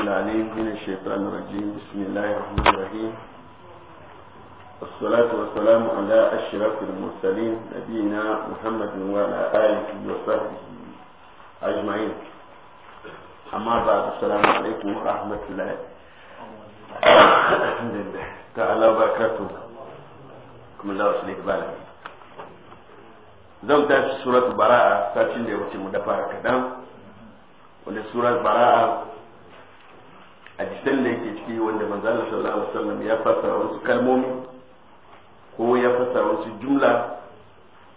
العليم من الشيطان الرجيم بسم الله الرحمن الرحيم والصلاة والسلام على أشرف المرسلين نبينا محمد وعلى آله وصحبه أجمعين أما بعد السلام عليكم ورحمة الله الحمد لله تعالى وبركاته كم الله وسليك بالك zan tashi suratul bara'a sacin da ya wuce mu da fara kadan wanda surar bara'a cikin da yake ciki wanda manzala sallallahu alaihi wasallam ya fassara wasu kalmomi ko ya fassara wasu jumla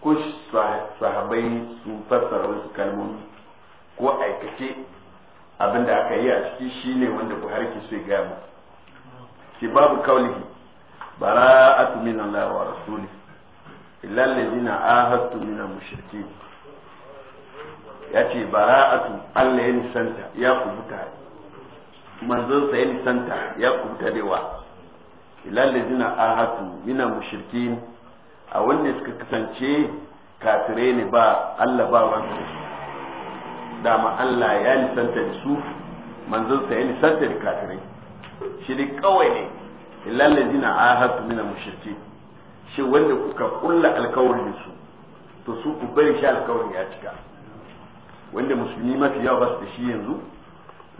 ko sahabai sun fassara wasu kalmomi ko aikace abin da aka yi a ciki shine wanda buhari ke so ya gaya mu ki babu kaulihi bara'atu min Allah wa rasuli illa alladhina ahadtu min al-mushrikeen yace bara'atu Allah ya nisanta ya kubuta manzon sa ya nisanta ya kubuta da wa ilal ladina ahatu mina mushrikin a wanda suka kasance kafirai ne ba Allah ba da dama Allah ya nisanta da su manzon sa ya nisanta da kafirai shi ne kawai ne ilal ladina ahatu mina mushrikin shi wanda kuka kulla alkawarin su to su ku bari shi alkawarin ya cika wanda musulmi mafi yawa ba su da shi yanzu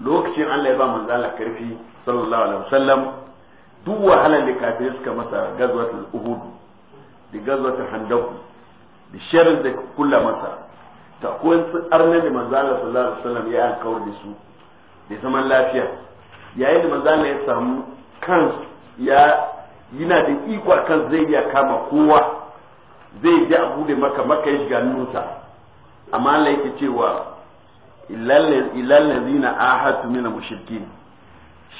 lokacin Allah ya ba manzo Allah karfi sallallahu alaihi wasallam duk wahalar da kafirai suka masa gazwatul uhud da gazwatul handaq da sharri da kulla masa ta kuwan arna da manzo Allah sallallahu alaihi wasallam ya alkawar da su da zaman lafiya yayin da manzo Allah ya samu kan ya yana da iko kan zai iya kama kowa zai je a bude maka maka ya shiga nusa amma Allah yake cewa ladina ahatu mina mushrikin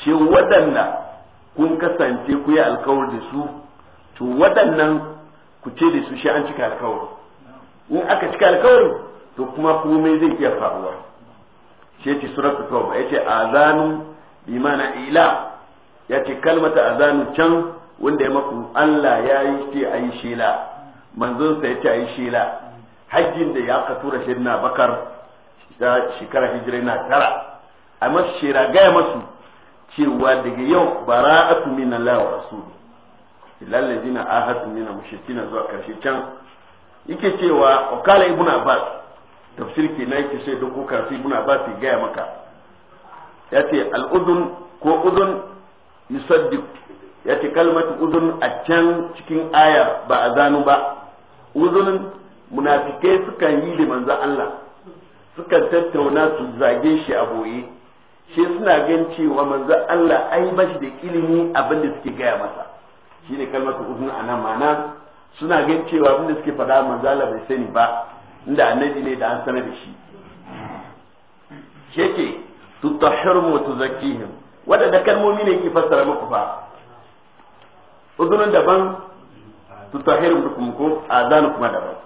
shi waɗanda kun kasance ku yi alkawar da su to waɗannan ku ce da su shi an cika alkawar in aka cika alkawar to kuma komai zai iya faruwa shi ce suratul tauba yace azanu mana ila yace kalmata azanu can wanda ya maku Allah ya yi ce a yi shela manzonsa ya ce a yi shela hajjin da ya ka tura shi bakar da shekara hijira na tara a masu shera gaya masu cewa daga yau na min Allah wa rasuli illal ladina ahadu min mushrikina zuwa karshe can yake cewa ibu ibn abbas tafsir ke na yake sai doko ibu ibn abbas ya gaya maka ya ce al'udun ko udun yusaddiq ce kalmatu udun a can cikin aya ba a zanu ba udun munafikai sukan yi da manzo Allah sukan tattauna su zage shi a boye shi suna gan cewa manzo Allah ai ba shi da ilimi abin da suke gaya masa shine kalmar uzun anan mana suna gan cewa abin da suke faɗa manzo Allah bai sani ba inda annabi ne da an sanar da shi yake tutahhirum wa tuzakkihim da kalmomi ne ke fassara muku fa uzunun daban tutahhirum dukum ko azanu kuma daban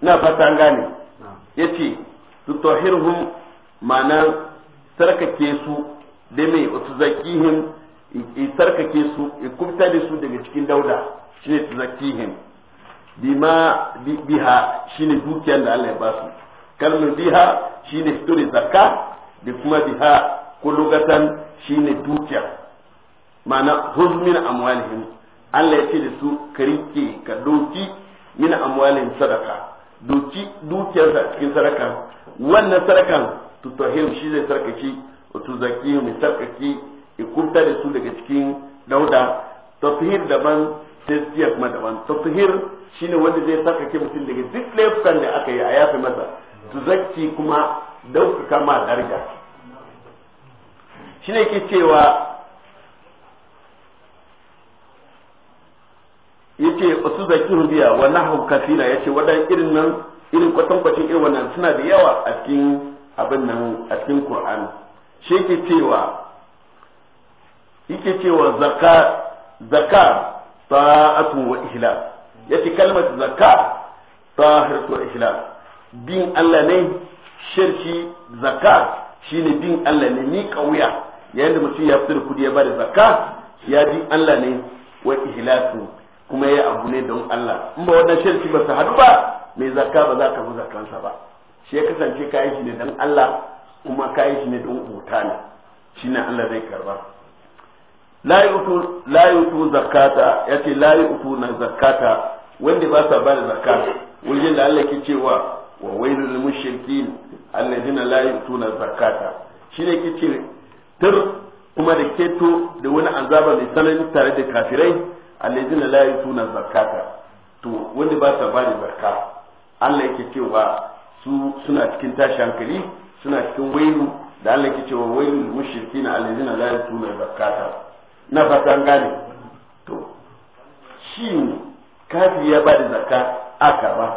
na fata an gane yace tutahhirhum ma'ana sarkake su da mai tuzakihim i sarkake su i kubta da su daga cikin dauda shine tuzakihim bima biha shine dukiyar da Allah ya ba su kalmar biha shine fitori zakka da kuma biha ko lugatan shine dukiya ma'ana huzmin amwalihim Allah ya ce da su ka rike ka doki min amwalin sadaka duki dukiyarsa a cikin sarakan wannan sarakan tutahim shi zai sarkake wato zaki mai ya kubta da su daga cikin dauda tafhir daban tazkiya kuma daban shi shine wanda zai sarkake mutum daga duk laifukan da aka yi a yafe masa tuzaki kuma daukaka ma shi shine ke cewa yace wasu zakin biya wa nahu kasira yace wadan irin nan irin kwatankwacin irin wannan suna da yawa a cikin abin nan a cikin Qur'ani shi yake cewa yake cewa zaka zaka ta'atu wa ihlas yace kalmar zaka tahiratu wa ihlas bin Allah ne shirki zaka shine bin Allah ne ni kauya yayin da mutum ya fitar kudi ya bada zakka ya bin Allah ne wa ihlasu kuma ya abu ne don Allah in ba wannan shirki ba su hadu ba mai zakka ba za ka bi zakkansa ba shi ya kasance ka yi shi ne don Allah kuma ka yi shi ne don bauta ne shi ne Allah zai karba la zakkata zakata ce la utu na zakata wanda ba sa da zakka wajen da Allah ke cewa wa wailul mushrikin alladina la yutuna zakata ne ke ce tur kuma da keto da wani azaba mai tsanani tare da kafirai alladina la yutuna zakata to wanda ba ta bada barka Allah yake cewa su suna cikin tashi hankali suna cikin wailu da Allah yake cewa mushriki na alladina la yutuna zakata na fatan gane to shi kafi ya bada zakka aka ba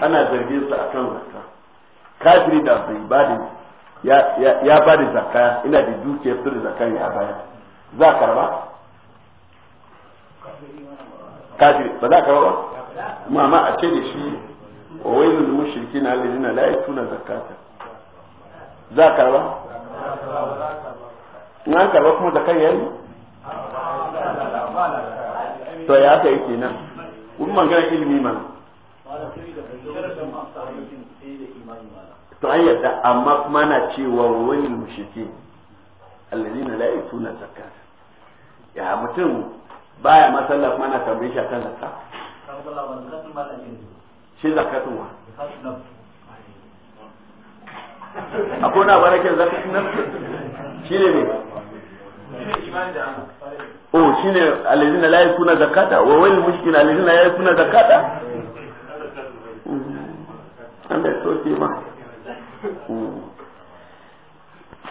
ana zargin sa akan zakka kafiri da bai bada ya ya bada zakka ina da dukiyar fitar zakka ya baya za karba kafir ba za ka ba amma ma a ce da shi wa wailul mushrikin alladhina la yatuna zakata za ka ba na ka ba kuma zakai yayi to ya ka yake nan kun magana ilimi ma to an da amma kuma na cewa wani mushriki alladhina la yatuna zakata ya mutum baya ma kuma na tambaye shi akan zakka shi zakatun wa akwai na bara ke zakatun nafsi shi ne ne o shi ne alladina la yakuna zakata wa wal mushkil alladina la yakuna zakata da ya soke ma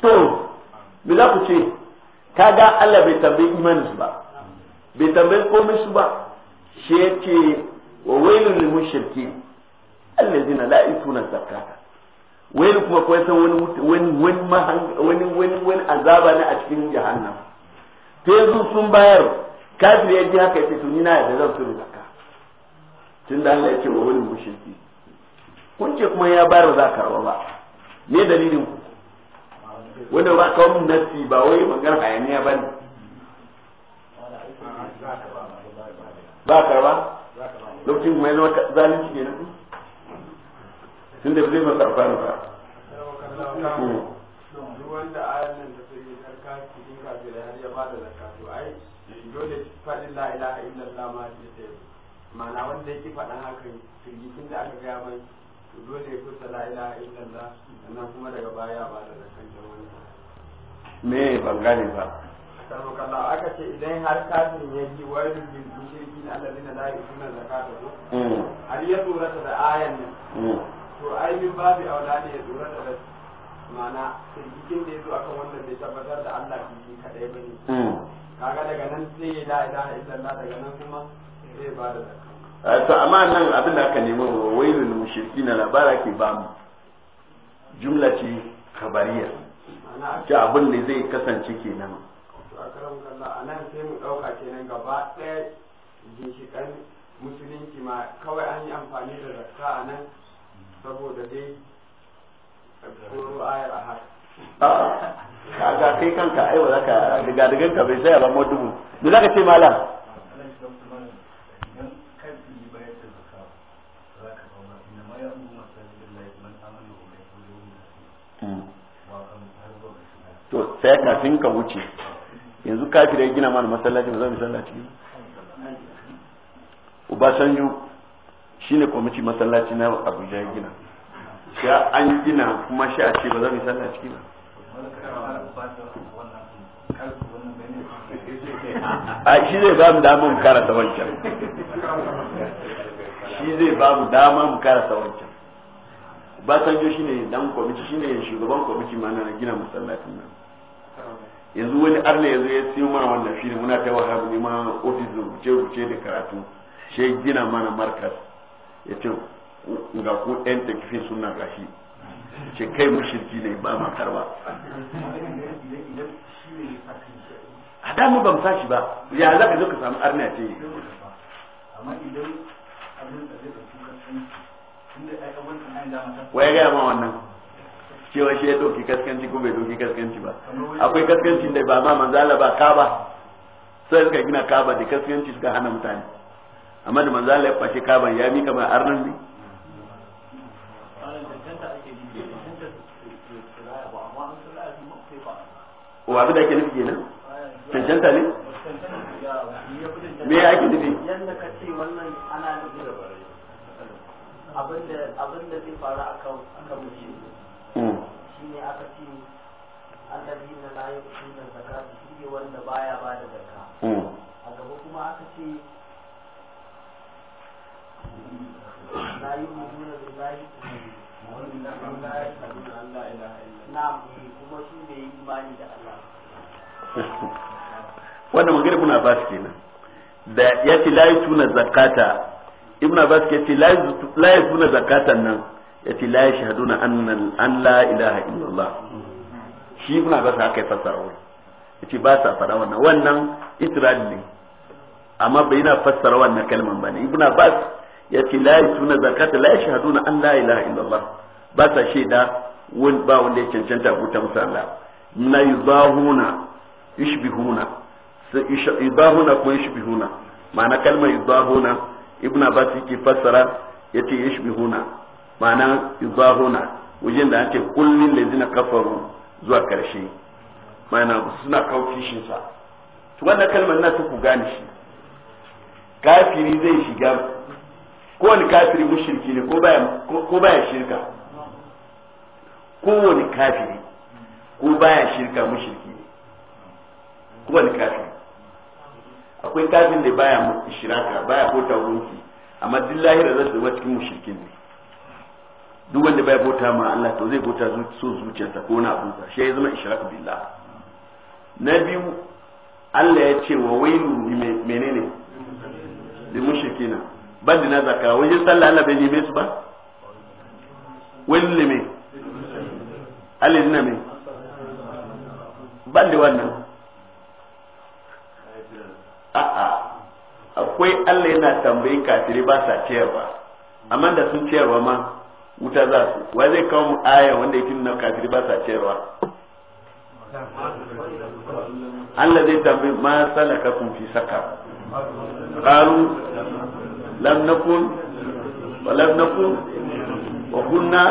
to bila ku ce kaga Allah bai tambayi imanin ba bai tambayi komai su ba shi ya ce wa mun shirki mushriki allazina la'i yutuna zakata wailu kuma kawai san wani wani wani wani wani azaba ne a cikin jahannam ta yanzu sun bayar kafir ya ji haka ce to ni na yadda zan tsuri zakka da Allah ya ce wa wani mun shirki kun ce kuma ya bayar za karba ba ne dalilin ku wanda ba kawo mun nasi ba wai magana hayaniya ba ne. ba ka ba lokacin kuma yana wata zalunci ne nan tun da zai masa amfani ba wanda ayan nan da ta yi sarka cikin kafin har ya bada zakka to ai dole faɗin la ilaha illallah ma ce ta yi ma'ana wanda yake faɗin hakan firgitin da aka gaya mai to dole ya kusa la ilaha illallah sannan kuma daga baya ba da zakkan jama'a me ban gane ba karbu kalla aka ce idan har kafin ya ji wani jirgin shirki na alladina la yusuna zakata ko mm. har ya tsorata da ayan nan mm. to ai min a aula ne ya tsorata da mana shirkin da ya zo akan wannan bai tabbatar da Allah shi kadai ne. Mm. kaga daga nan sai ya la ilaha illallah daga nan kuma sai ba da zakka to amma nan abin da aka nemi wailul mushrikin labara ke ba mu jumla ce khabariya ce abin da zai kasance kenan akaram kalla a nan sai mu ɗauka kenan gaba ɗaya ginshiƙan musulunci ma kawai an yi amfani da rakka a nan saboda dai koro ayar a haka ga kai kanka ai ba ka daga dagan ka bai sai ba mu dubu me zaka ce malam hmm. to sai kafin ka wuce yanzu kafir ya gina mana masallaci ba za mu sallaci Obasanjo shine kwamiti masallaci na Abuja ya gina sha an gina kuma sha ce ba za mu sallaci ba a shi zai ba mu dama mu karasa wancan shi zai ba mu dama mu karasa wancan Obasanjo shine dan kwamiti shine shugaban kwamiti ma na gina masallacin nan yanzu wani arna yanzu ya siyo mana wannan fili muna ta wahab ma ofis rubuce ce da karatu shi gina mana markas ya ce ga ku yan takifin suna gashi ce kai mushirki ne ba ma karba a da mu musa shi ba ya za ka zo ka samu arna ce waya gaya ma wannan cewa shi ya doki kaskanci ko bai doki kaskanci ba akwai kaskancin da ba ma manzala ba kaba sai suka gina kaba da kaskanci suka hana mutane amma da manzala ya fashe kaba ya mika mai arnan ne wa abu da ke nufi kenan cancanta ne me ake nufi yanda ka ce wannan ana nufi da abinda abinda zai faru akan akan mutum ne aka ce allazina da yu'tuna shi ne wanda baya ba da zakka hmm. a gaba kuma aka ce la yu'minuna billahi na'am eh, kuma shi bai yi imani da Allah wannan magana kuna ba su kenan da ya ce layi yu'tuna zakata ibn abbas ke ce layi yu'tuna zakatan nan yace la yashhaduna anna an la ilaha illallah shi kuna ga haka ya fassara wani yace ba sa fara wannan wannan itirad ne amma bai na fassara wannan kalman bane ibn abbas yace la yashhaduna zakata la yashhaduna an la ilaha illallah ba sa shaida ba wanda ya cancanta buta musu Allah na yuzahuna yushbihuna yuzahuna ko yushbihuna ma'ana kalmar yuzahuna ibn abbas yake fassara yace yushbihuna ma'ana izahuna wajen da ake da zina kafaru zuwa karshe ma'ana suna kawo kishinsa sa to wannan kalmar na tuku gane shi kafiri zai shiga kowane kafiri mushriki ne ko baya ko baya shirka kowane kafiri ko baya shirka mushriki ne kowane kafiri akwai kafin da baya shiraka baya ko gunki amma duk lahira zai zama cikin mushrikin ne duk wanda bai bauta ma Allah to zai bauta so zuciyarsa ko na abunsa shi ya zama ishrak billah na biyu Allah ya ce wa wailu menene li mushrikina bandi na zakka wajen sallah Allah bai neme su ba wailu me Allah ne me da wannan a'a akwai Allah yana tambayi kafiri ba sa ciyarwa amma da sun ciyarwa ma wuta za su wa zai kawo mu aya wanda yake nuna kafiri ba sa cewa Allah zai tambayi ma salaka kun fi saka qalu lam nakun wa lam nakun wa kunna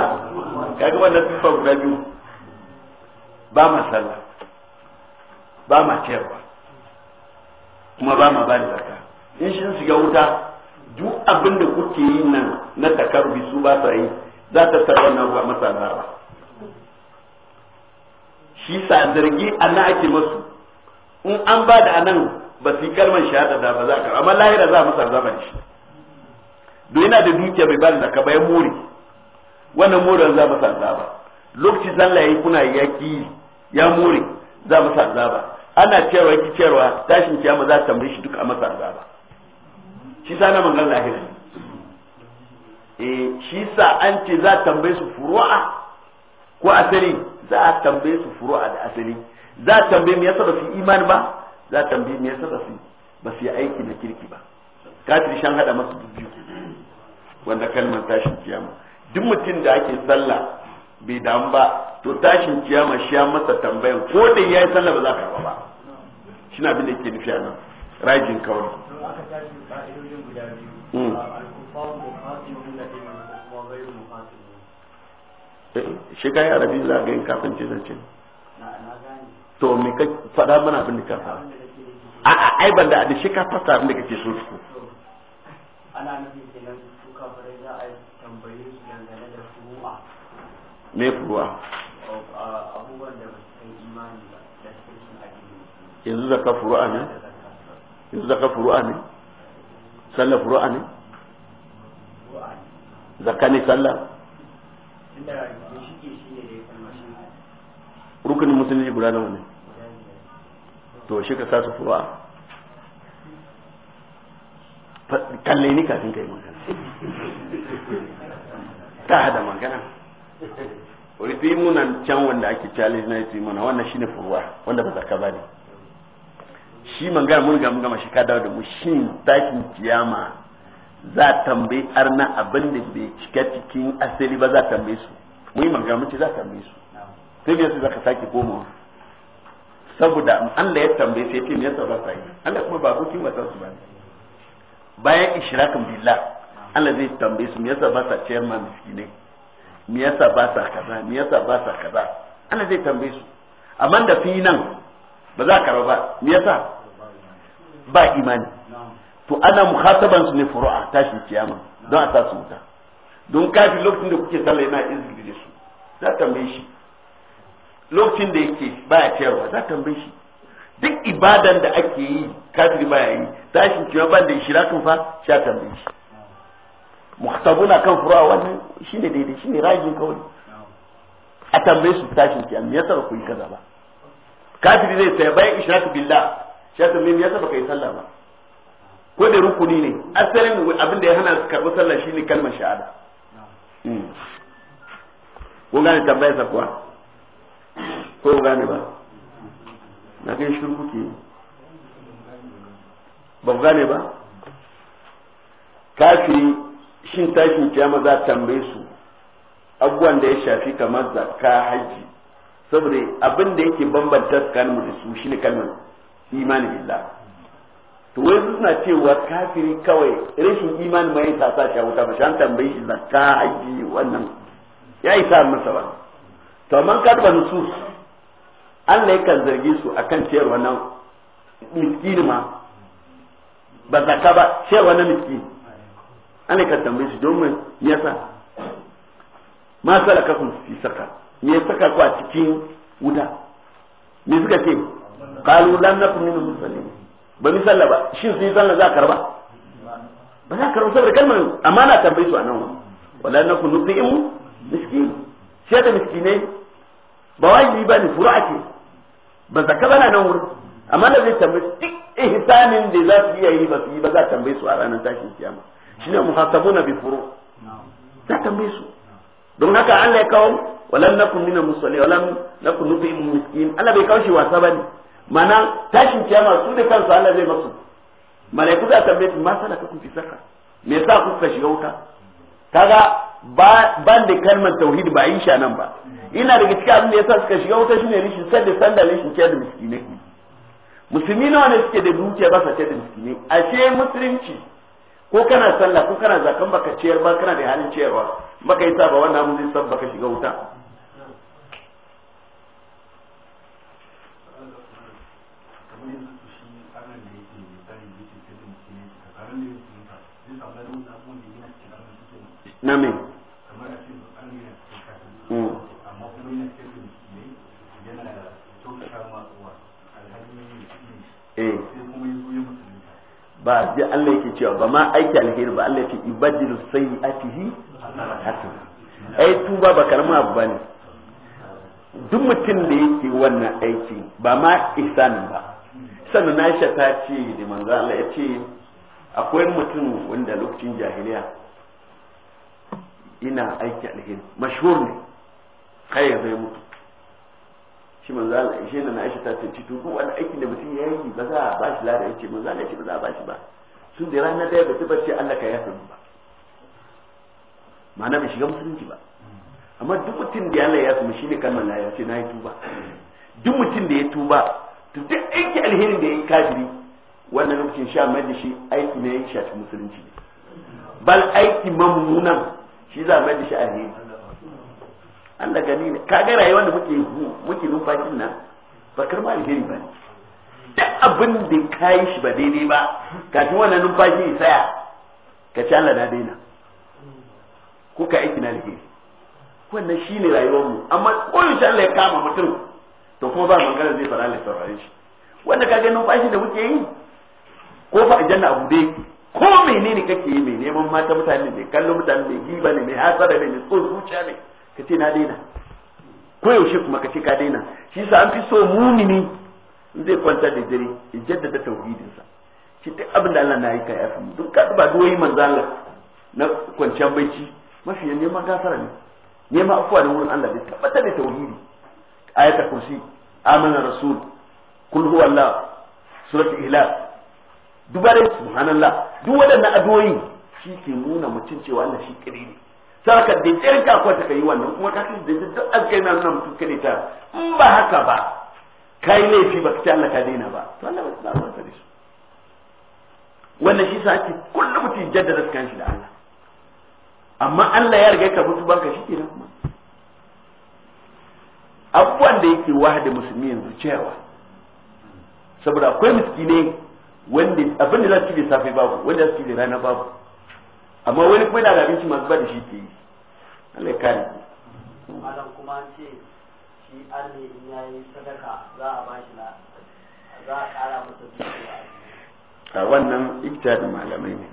kaga wannan tufa guda biyu ba ma sallah ba ma cewa kuma ba ma ba zakka in shi shiga wuta duk abin da kuke yi nan na takarbi su ba sa yi za ta tarwa wannan ruwa masa azaba shi sa zargi ana ake masu in an ba da anan ba su yi kalmar shahada da ba za ka amma lahira za a masa azaba shi don yana da dukiya bai bada ka bayan mori wannan moren za masa zaba lokaci sallah yayi kuna yaki ya mori za masa zaba ana cewa ki cewa tashin kiyama za ta tambaye shi duka a masa zaba shi sa na mangan lahira eh shi sa an ce za a tambaye su furu'a ko asali za a tambaye su furu'a da asali za a tambaye me yasa ba su imani ba za a tambaye me yasa ba su ba su yi aiki na kirki ba kafir shan hada masu dubbi wanda kalmar tashin kiyama duk mutum da ake sallah bai damu ba to tashin kiyama shi ya masa tambayan ko da yayi sallah ba za ka ba shi na abin da yake nufi a nan rajin kawai shi kai arabi za ga yin kafin ce zance to me ka faɗa mana abin da ka fara a a ai ban da shi ka fasa abin da kake so su ana nufin kenan su fara za a tambaye su dangane da furu'a me furu'a abubuwan da ba su imani ba da suke cin addini yanzu zaka furu'a ne yanzu zaka furu'a ne sallah furu'a ne zakka ne sallah rukunin musulunci guda nawa ne to shi ka sasu su furuwa kalle ni kafin kai magana ta hada magana wani fi munan can wanda ake challenge na yi mana wannan shine furuwa wanda ba zaka ba ne shi magana mun gama shi ka dawo da mu shi dakin kiyama za tambayi arna abin da bai cika cikin asali ba za tambayi su mun yi magana mun ce za tambayi su sai biyar su za ka sake komawa saboda Allah ya tambayi sai ce me yasa ba an Allah kuma ba kokin wata su ba bayan ishrakan billah Allah zai tambayi su me yasa ba sa ciyar ma miskinai me yasa ba sa kaza me yasa ba sa kaza Allah zai tambayi su amma da fi nan ba za ka raba me yasa ba imani to ana muhataban su ne furu'a tashin kiyama don a tasu su wuta don kafin lokacin da kuke sallah yana izini da su za ta tambaye shi lokacin da yake baya ciyarwa za ta tambaye shi duk ibadan da ake yi ba ya yi tashin kiyama ban da shirakin fa sha tambaye shi muhtabuna kan furu'a wannan shine daidai shine rajin kawai a tambaye su tashin kiyama me yasa ku yi kaza ba kafiri zai tsaya bayan ishraku billah sha tambaye me yasa ka yi sallah ba ko da rukuni ne asalin abin da ya hana su karɓi sallah shine kalmar shahada hmm. ko gane tambayar sa kuwa ko gane ba na kai shiru ke ba gane ba kafin shin tashin kiyama za tambaye su abubuwan da ya shafi kamar zakka haji saboda abin da yake bambanta mu da su shine kalmar imani billah to wai suna cewa kafiri kawai rashin imani ma ta sa shi wuta ba shan tambayi shi zakka haji wannan ya yi sa masa ba to amma ka ba nusus Allah yakan zargi su akan ciyar wannan miskini ma ba zakka ba ciyar wannan miskini Allah yakan tambayi su domin yasa ma salaka kun fi saka me saka ku a cikin wuta me suka ce qalu lan nakun min muslimin ba mi sallah ba shin sun yi sallah za a karba ba za a karba saboda kalmar amana tambayi su a nan wala na kunu nufi'in miskin shi da miskinai ba wajibi ba ne furu'a ce ba zaka bana nan wurin amma da zai tambayi duk ihsanin da za su iya yi ba su yi ba za a tambayi su a ranar tashin kiyama shine muhasabuna bi furu za tambayi su don haka Allah ya kawo walan nakum min musalli walan nakum nufi'in miskin Allah bai kawo shi wasa bane mana tashin kiyama su da kansu Allah zai masu malaiku za a tambaye su ma ka kun saka me yasa kuka shiga wuta kaga ban da kalmar tauhid ba in sha nan ba ina daga cikin abin da yasa suka shiga wuta shine rishin sanda sanda rishin ciyar da miskine musulmi nawa ne suke da dukiya ba sa ciyar da miskinai ashe musulunci ko kana sallah ko kana zakan baka ciyar ba kana da halin ciyarwa baka yi sa ba wannan mun zai san baka shiga wuta na mm. Mm. ba ji Allah yake cewa ba ma aiki alheri ba Allah yake ibadilu sayyi'atihi hasana ai tuba ba karamin abu bane duk mutum da yake wannan aiki ba ma ihsanin ba sannan Aisha ta ce da manzo Allah ya ce akwai mutum wanda lokacin jahiliya ina aiki alheri mashhur ne kai ya zai mutu shi manzo Allah shi na Aisha ta ce to ko wani aikin da mutum ya yi ba za a ba shi lada yace manzo Allah ba za a ba shi ba sun da ranar da ba ta bace Allah ka yafe mu ba ma'ana bai shiga musulunci ba amma duk mutum da Allah ya yafe shi ne kalmar la ya ce na yi tuba duk mutum da ya tuba to duk aiki alherin da ya yi kafiri wannan lokacin sha mai da shi aiki ne ya shafi musulunci bal aiki mamunan shi za mai da shi a An Allah gani ne Ka gara yi wanda muke muke numfashin nan ba karma alheri ba ne duk abin da ka yi shi ba daidai ba kafin wannan numfashi ya saya. ka ci Allah na daina ko ka aiki na alheri wannan shine rayuwar mu amma koyin shi Allah ya kama mutum to kuma ba magana zai fara Allah saurare shi wanda ga numfashi da muke yi kofa aljanna abu dai ko menene kake yi mai neman mata mutane mai kallo mutane ne giba ne mai hasara ne mai zuciya ne kace na daina ko yaushe kuma ka ce ka daina shi yasa an fi so mumini in zai kwanta da dare in jaddada sa shi duk abin da Allah na yi kai afi duk ka ba duwayi manzo Allah na kwanciyar bacci mafi neman gafara ne neman afuwa da wurin Allah da tabbata da tauhidi ayata kursi amana rasul kul huwa Allah suratul ihlas dubarai subhanallah duk waɗannan adoyi shi ke nuna mutum cewa Allah shi kare ne sai ka da tsirin ka ta kai wannan kuma ka kai da duk azkai na nan mutum kare ta in ba haka ba kai fi ba ta Allah ka daina ba to Allah ba ta ba ta su wannan shi sa ake kullum mutum jaddada kan shi da Allah amma Allah ya riga ka mutu banka shi nan kuma abubuwan da yake wahada musulmi yanzu cewa saboda akwai miskinai wanda abin da za su ci da safe babu wanda za su ci da rana babu amma wani kuma yana da abinci masu ba da shi ke yi Allah ya kare malam kuma an ce shi arne in yayi sadaka za a ba shi la za a kara masa dukiya a wannan da malamai ne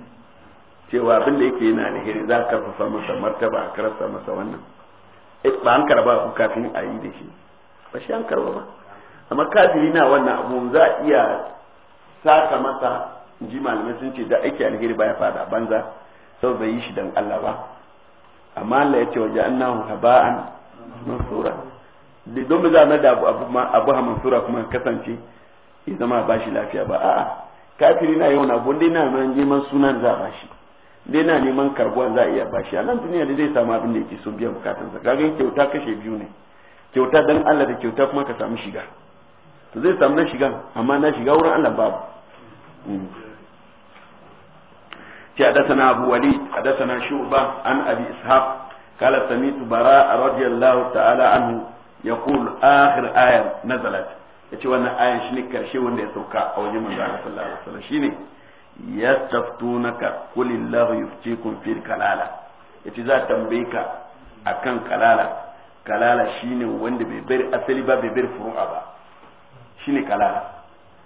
cewa abin da yake yana alheri za a karfafa masa martaba a karasa masa wannan eh, ba an karba ku kafin a yi da shi ba shi an karba ba amma kafiri na wannan abu za a iya saka masa ji malamai sun ce da aiki alheri baya fada banza sau bai yi shi don Allah ba amma Allah ya ce waje nahu haba'an mansura don ba za da abu abu mansura kuma kasance ya zama ba shi lafiya ba a'a kafiri na yau na dai na nan neman sunan za ba shi dai na neman karbuwan za a iya ba shi a nan duniya da zai samu abin da yake so biya bukatunsa kaga kyauta kashe biyu ne kyauta dan Allah da kyauta kuma ka samu shiga to zai samu na shigan amma na shiga wurin Allah babu ce حدثنا أبو وليد حدثنا شعبة عن أبي إسحاق قال سميت براء رضي الله تعالى عنه يقول آخر آية نزلت yace wannan shi ne karshe wanda ya sauka a wajen manzo Allah sallallahu alaihi wasallam shine yastaftunaka qulillahu yuftikum fil kalala yace za tambaye ka akan kalala kalala shi ne wanda bai bar asali ba bai bar furu'a ba shi ne kalala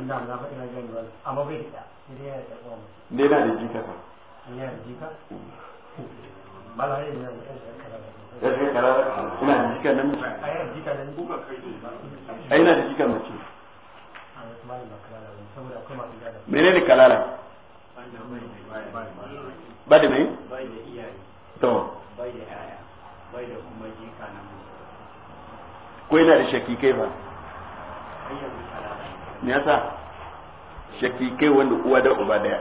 abdullahi na da jika ba da jika ba ina da jika nan a yana da jika kalala ba da mai to da kuma jika nan ko da ba me yasa shakki kai wanda uwa da uba daya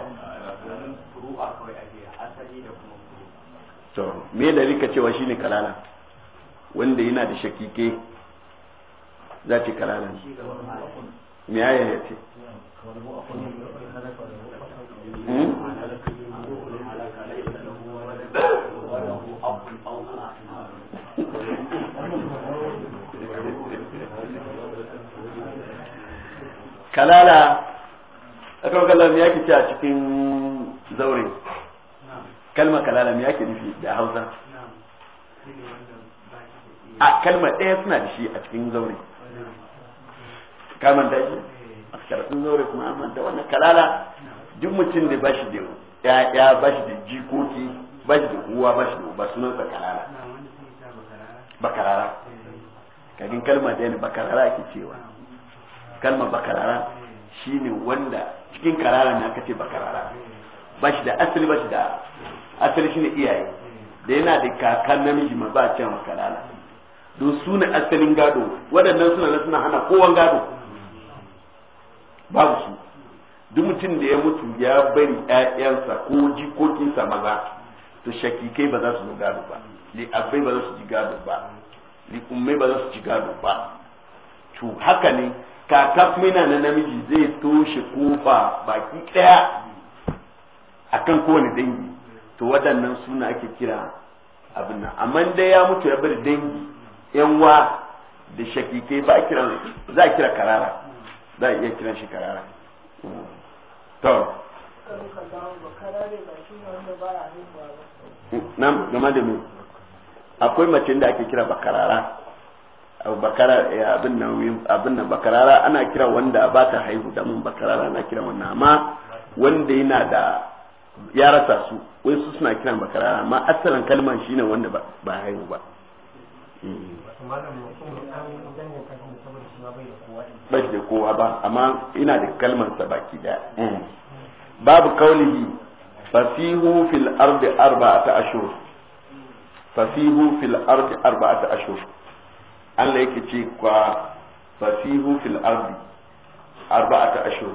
to me da rika cewa shine kalala wanda yana da shakike za ce kalala me yaya ya ce hmm? kalala akan kallon mai yake ce a cikin zaure kalma kalala mai yake nufi da hausa a kalma ɗaya suna da shi a cikin zaure kamar daji a karatun zaure kuma amman da wannan kalala duk mutum da ba shi da ya ba shi da jikoki ba shi da uwa ba shi da uba sunan sa kalala bakarara kagin kalma ɗaya ne bakarara ake cewa kalmar bakarara shine wanda cikin karara ne aka ce bakarara ba shi da asali ba shi da asali shine iyaye da yana da kakan namiji ma ba cewa makarara don su ne asalin gado waɗannan suna suna hana kowan gado babu su duk mutum da ya mutu ya bari ƴaƴansa ko jikokinsa maza to shakikai ba za su zo gado ba abai ba za su ji gado ba ummai ba za su ji gado ba to haka ne kaka mina na namiji zai toshe kofa baki daya akan kowane dangi to waɗannan suna ake kira abin nan amma dai ya mutu ya bari dangi yan wa da shakike ba a kira za a kira karara za a iya kiran shi karara to nan game da mu akwai mace da ake kira bakarara bakara eh, abin nan abin nan bakarara ana kira wanda ba ta haihu da mun bakarara ana kira wannan amma wanda yana da ya rasa su wai su suna kiran bakarara amma asalin kalman shine wanda ba haihu ba ba da kowa ba amma ina da kalman sa baki da babu kaulihi fasihu fil ardi arba'ata ashur fasihu fil ardi arba'ata ashur Allah yake ce kwa fasihu fil ardi arba'ata ashur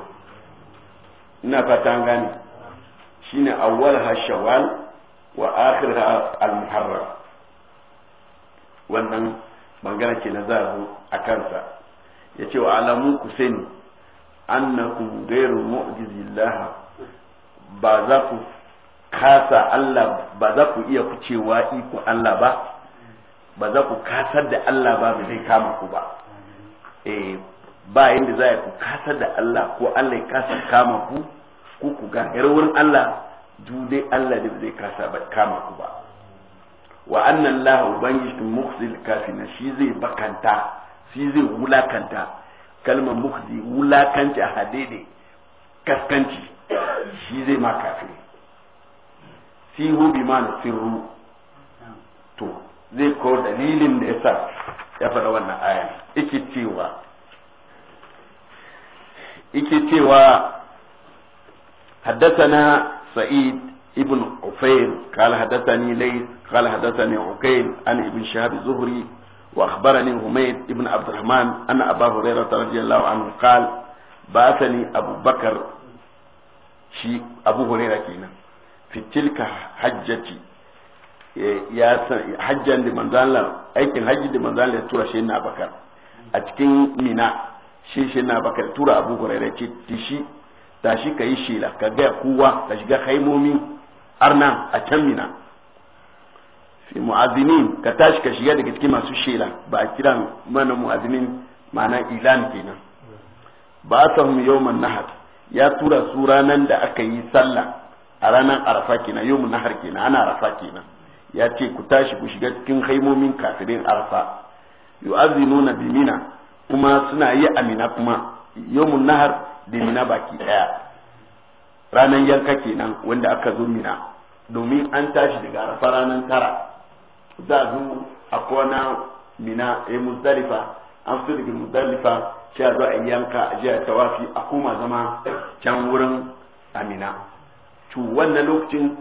ina fata an shine awwal hashawal wa akhir al muharram wannan bangare ke nazaru a kansa yace wa alamu ku sani annakum ghairu mu'jizillah ba za ku kasa Allah ba za ku iya kucewa iko Allah ba ba za ku kasar da Allah ba zai kama ku ba eh ba yanda za ku kasar da Allah ko Allah ya kasar kama ku ku ku ga wurin Allah dudai Allah da zai kasa ba kama ku ba wa anna Allah ubangijin mukhzil kafina shi zai bakanta shi zai wulakanta kalmar mukhzi wulakanci a hadede kaskanci shi zai ma kafiri sihu bi ma sirru to zai ko dalilin da yasa ya faɗa wannan aya yake cewa yake cewa حدثنا سعيد ابن عفير قال حدثني ليث قال حدثني عقيل عن ابن شهاب الزهري واخبرني هميد ابن عبد الرحمن ان ابا هريره رضي الله عنه قال بعثني ابو بكر شي ابو هريره كينا في تلك حجتي ya san hajjan da manzala aikin hajji da manzala ya tura shi na bakar a cikin mina shi shi na bakar tura abu hurairah ce tishi tashi ka yi shela ka gaya kowa ka shiga haimomi arna a can mina fi mu'azinin ka tashi ka shiga daga cikin masu shela ba a kiran mana mu'azinin ma'ana ilan kenan ba a samu yawman nahar ya tura su ranar da aka yi sallah a ranar arafa kenan yawman nahar kenan ana arafa kenan ya ce ku tashi ku shiga cikin haimomin kafirin arfa azinuna bi mina kuma suna yi amina kuma yawmun nahar da mina baki daya ranar yanka kenan wanda aka zo mina domin an tashi daga arfa ranar tara za a zo a kona mina ya eh, muzdalifa an fito daga muzdalifa sai a zo a yanka a jiya tawafi a koma zama can wurin amina to wannan lokacin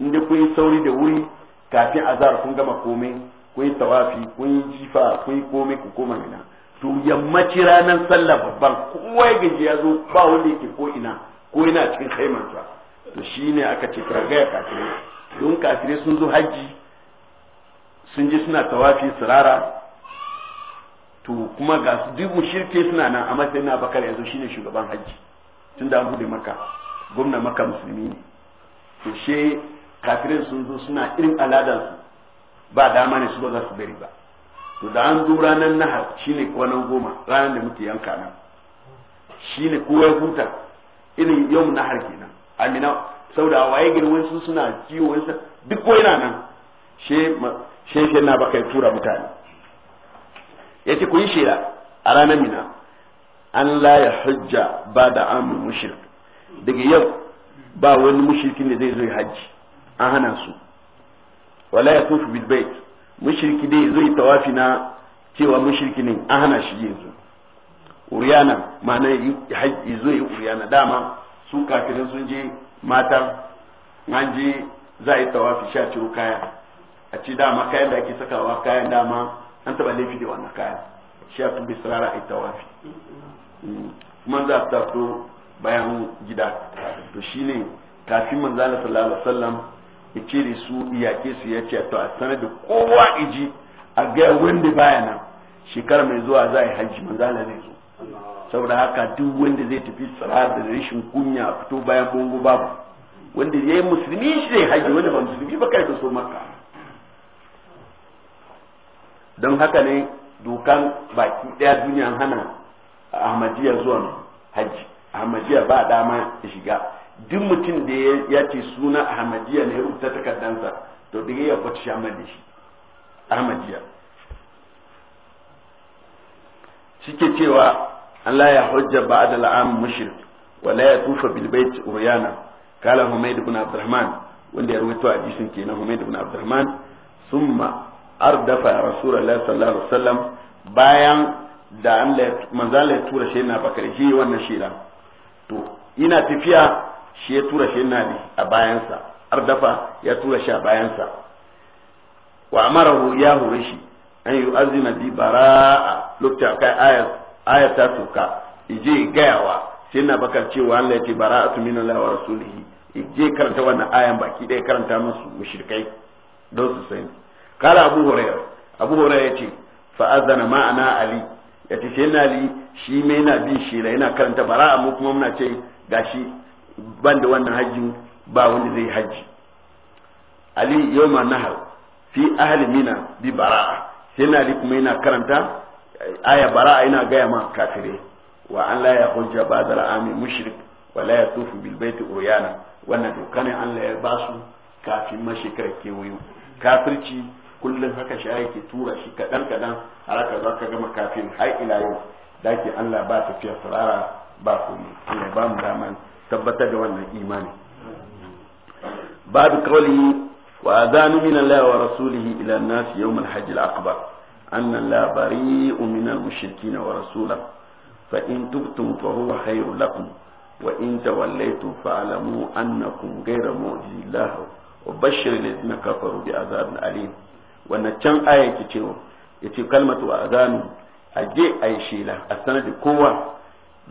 inda kun yi sauri da wuri kafin azar kun gama komai kun yi tawafi kun yi jifa kun yi komai ku koma ina to yammaci ranar sallah babban kowa ya gaji ya zo ba wanda yake ko ina ko ina cikin ta to shine aka ce kiragaya kafire. don kafire sun zo hajji sun je suna tawafi sirara to kuma ga su duk mushirke suna nan a matsayin na bakar yanzu shine shugaban hajji tun da an bude maka gwamna maka musulmi ne to shi kafirin sun zo suna irin aladansu ba dama ne su ba za su bari ba to da an zo ranar nahar shine kwanan goma ranar da muke yanka nan shine ne ya huta irin yau nahar kenan amina saboda waye girwin su suna kiwo duk ko na nan she she na baka tura mutane yace ku yi shela a ranar mina an la ya hujja ba da amin mushrik daga yau ba wani mushrikin da zai zo hajji an hana su wala ya tufu bil bait mushriki dai zai tawafi na cewa mushriki ne an hana shi yanzu uriyana ma'ana yi zo yi uriyana dama su kafirin sun je matar an je za a yi tawafi sha ciro kaya a ci dama kayan da ake sakawa kayan dama an taba laifi da wannan kaya shi a tumbi sarara a yi tawafi kuma za a bayan gida to shine kafin manzana sallallahu alaihi wasallam ya cire su iyake su ya ce to a sanar da kowa iji a ga wanda baya nan shekara mai zuwa za a yi hajji manzala zai zo saboda haka duk wanda zai tafi tsara da rashin kunya fito bayan bongo babu wanda ya musulmi shi zai hajji wanda ba musulmi ba kai so maka don haka ne dokan baki daya duniya hana ahmadiyya zuwa haji ahmadiyya ba dama ya shiga duk mutum da ya ce suna ahmadiyya ne rubuta takardansa to daga ya kwaci shi ahmad shi ahmadiyya cike cewa Allah ya hujja ba'da al'am mushrik wa la yatufa bil bait uryana kala humayd ibn abdurrahman wanda ya rubuta hadisin kenan humayd ibn abdurrahman summa ardafa rasulullahi sallallahu alaihi wasallam bayan da Allah manzo ya tura shi na bakar shi wannan shira to ina tafiya shi ya tura shi a bayansa dafa ya tura shi a bayansa wa amarahu ya hore shi an yi azina bi bara'a lokacin kai ayat ta soka ije gayawa sai na bakar cewa Allah ya ce baraa min wa rasulihi ije karanta wannan ayan baki ɗaya karanta musu mushrikai don su sani kala abu hurairah abu hurairah ya ce fa azana ma'ana ali ya ce sai na ali shi me yana bi shi yana karanta bara'a mu kuma muna ce gashi ban wannan hajji ba wanda zai hajji ali yawma nahar fi ahli mina bi bara'a sai na ali kuma yana karanta eh, aya bara'a yana gaya ma kafire wa an la hujja ba'da al-ami mushrik wa la yatufu bil baiti uryana wannan an Allah ya basu su kafin ma shekarar kewayo kafirci kullum haka shi ke tura shi kadan kadan har aka ka gama kafin har ila yau dake Allah ba tafiya firara ba komai Allah ba mu daman tabbatar da wannan imani babu kawali wa azanu min Allah wa rasulihi ila nas yawm al-hajj al-akbar anna Allah bari'un min al-mushrikeen wa rasulahu fa in tubtum fa huwa khayrun lakum wa in tawallaytum fa'lamu annakum ghayra mu'jizillah wa bashshir alladhina kafaru bi azabin alim wannan can aya yake cewa yace kalmatu wa azanu aje ayi asanadi a sanadi kowa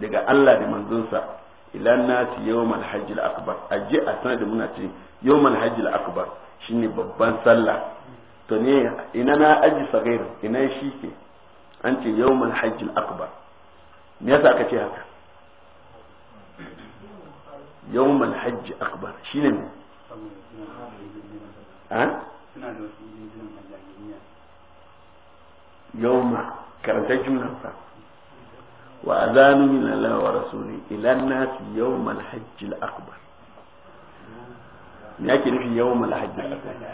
daga Allah da manzonsa ila nasi yawmal hajj al akbar aje a sanar da muna ce yawmal hajj al akbar shine babban sallah to ne ina na aji sagair ina shi ke an ce yawmal hajj al akbar me yasa aka ce haka yawmal hajj akbar shine ne ha yawma karanta jumlan sa وأذان من الله ورسوله إلى الناس يوم الحج الأكبر me في يوم الحج الأكبر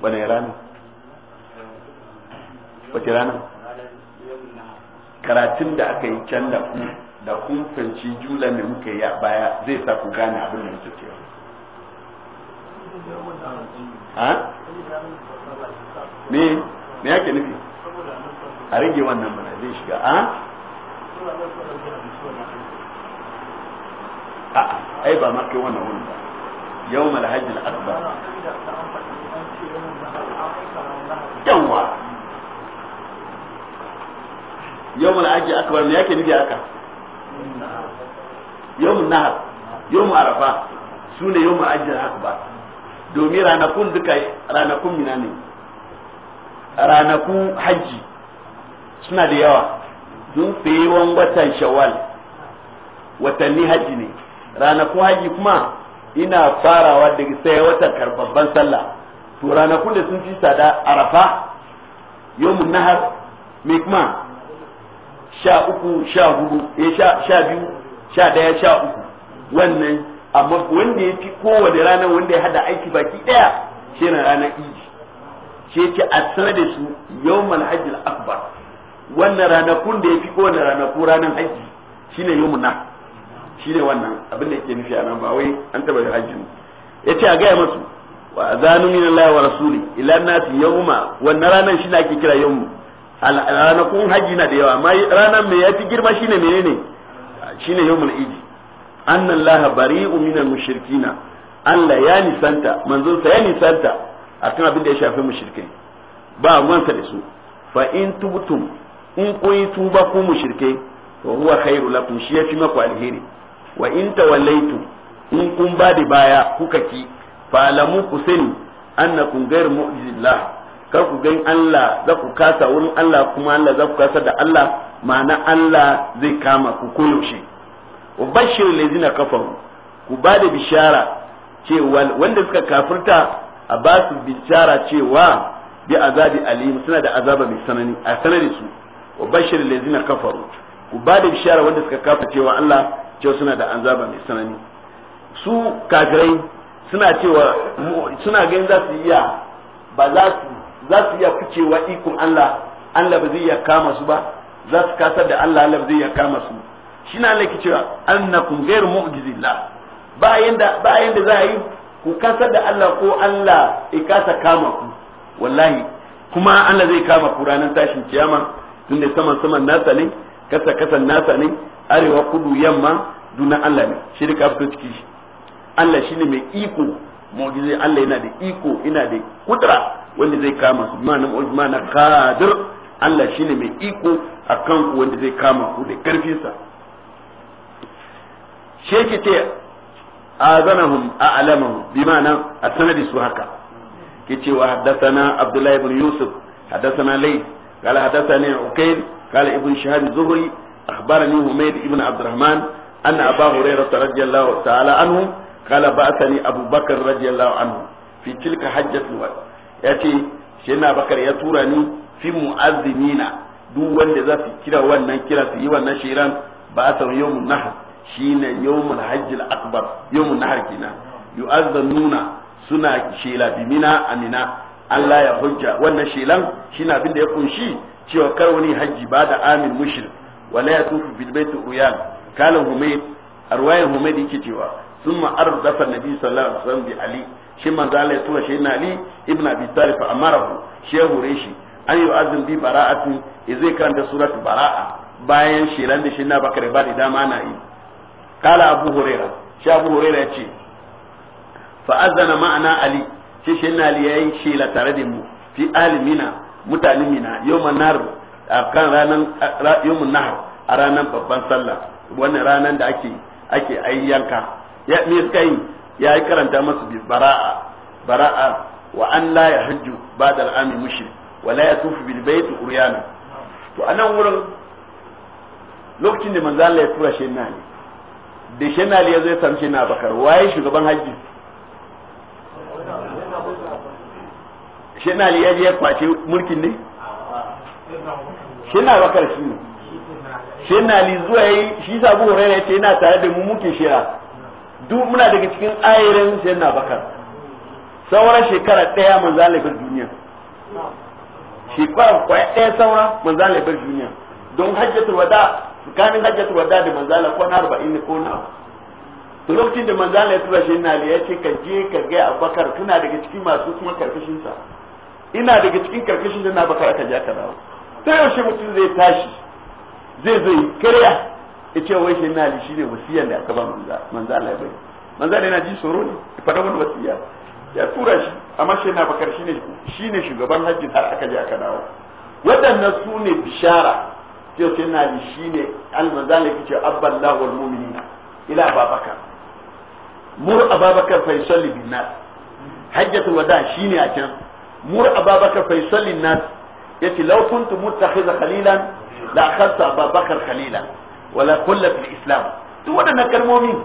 wane rana wace rana karatun da aka yi can da ku da kun fanci jula da muka yi a baya zai sa ku gane abin da muke cewa ha me me yake nufi a rage wannan mana zai shiga a ai ba ma kai wannan ba akbar yawa akbar yake nufi nahar arafa akbar domin ranakun duka ranakun mina ne ranakun hajji suna da yawa dunfewan watan shawal watanni haji ne ranakun haji kuma ina farawa daga sai watan karbabban sallah to ranakun da sun fi sada arafa yau nahar me kuma sha uku sha hudu eh sha biyu sha daya sha uku wannan amma wanda ya fi kowane ranar wanda ya hada aiki baki daya shi na ranar iji shi ce a sanar da su mana hajjil akbar wannan ranakun da ya fi kowane ranaku ranar haji shine yumna shine wannan abin da yake nufi a nan ba wai an taba ya ce a gaya masu wa zanu min Allah wa rasuli ila nasi yawma wannan ranar shine ake kira yawmu ranakun haji na da yawa amma ranar mai yafi girma shine menene shine yawmul idi anna Allah bari'u na an Allah ya nisanta manzon sa ya nisanta akan abin da ya shafi mushrikai ba wansa da su fa in tubtum in kun tuba ku mushrike to huwa khairu lakum shi yafi maku alheri wa in tawallaitu in kun ba da baya kuka ki falamu ku sani annakum ghayr mu'jizillah kar ku gan Allah za ku kasa wurin Allah kuma Allah za ku kasa da Allah ma'ana Allah zai kama ku koyaushe wa bashir lazina kafaru ku ba da bishara cewa wanda suka kafirta a ba su bishara cewa bi azabi alim suna da azaba mai sanani a da su wa bashir lazina kafaru ku ba da bishara wanda suka kafa cewa Allah cewa suna da azaba mai tsanani. su kafirai suna cewa suna ganin za su iya ba za su za su iya ficewa ikon Allah Allah ba zai iya kama su ba za su kasar da Allah Allah ba zai iya kama su shi na Allah cewa annakum ghairu mu'jizillah ba yanda ba yanda za a yi ku kasar da Allah ko Allah ya kasa kama ku wallahi kuma Allah zai kama ku ranar tashin kiyama tunda saman saman nasa ne kasa kasan nasa ne arewa kudu yamma duna Allah ne shi da fito ciki shi Allah shine mai iko mu'jizai Allah yana da iko ina da kudura wanda zai kama su ma nan ma na qadir Allah shine mai iko akan ku wanda zai kama ku da karfin sa sheki ce azanahum a'lamahum bima'ana a sanadi su haka ke cewa haddathana Abdullahi ibn Yusuf haddathana Layth قال حدثني عقيل قال ابن شهاب الزهري أخبرني هميد ابن عبد الرحمن أن أبا هريرة رضي الله تعالى عنه قال بعثني أبو بكر رضي الله عنه في تلك حجة الوداع يأتي سيدنا بكر يتورني في مؤذنين duk wanda za su kira wannan kira su yi wannan shiran ba ta yawmun nahar shine yawmul hajjil akbar yawmun nahar kenan yu'azzanuna suna shela bimina amina Allah ya hujja wannan shelan na abin da ya kunshi cewa kar wani haji ba da amin mushir wala tufu bil baiti uyan kala humayd arwayan humayd yake cewa summa ardafa nabi sallallahu alaihi wasallam bi ali shi manzo Allah ya tura shi na ali ibn abi talib fa amarahu shi ya hore shi an yi azin bi bara'atin zai karanta suratu bara'a bayan shelan da shi na bakare ba da dama na yi kala abu huraira shi abu huraira ya ce fa azana ma'ana ali shi shi na ya yi la tare da mu fi alimina mutanen mina yawman nar a kan ranar yawman nahar a ranar babban sallah wannan ranar da ake ake ayyanka ya me suka yi ya yi karanta masu bi bara'a bara'a wa an la ya hajju ba da al'ami mushi wa la ya tufu bil bayt uryana to anan wurin lokacin da manzo Allah ya tura shi na ne da shi na ya zo ya san shi na bakar waye shugaban hajji shi na ali yaje ya kwace mulkin ne shi bakar shi ne shi ali zuwa yi shi sabu horaira ya ce yana tare da mu muke shira duk muna daga cikin ayirin shi bakar sauran shekara ɗaya manzo Allah bar duniya shekara kwaya ɗaya saura manzo Allah bar duniya don hajjatul wada kanin hajjatul wada da manzo Allah kwana 40 ne ko na to lokacin da manzo Allah ya tura shi na ya ce ka je ka ga Abubakar tuna daga cikin masu kuma karkashin sa ina daga cikin karkashin da na bakar aka ja ka dawo ta yaushe mutum zai tashi zai zai karya ya ce wai shi na shi ne wasiyar da aka ba manza Allah ya bai manza ne yana ji tsoro ne ya wani wasiya ya tura shi amma shi na bakar shi ne shugaban hajji har aka je aka dawo waɗannan su ne bishara ce shi na ji shi ne almanzala ce abballahu wal mu'minin ila babakar mur ababakar fa yusalli bin nas hajjatul wada shine a can mur ababakar fa yusalli nas yace law kuntu muttakhidha khalilan la akhadtu ababakar khalilan wala kulla fil islam duk wadannan kalmomin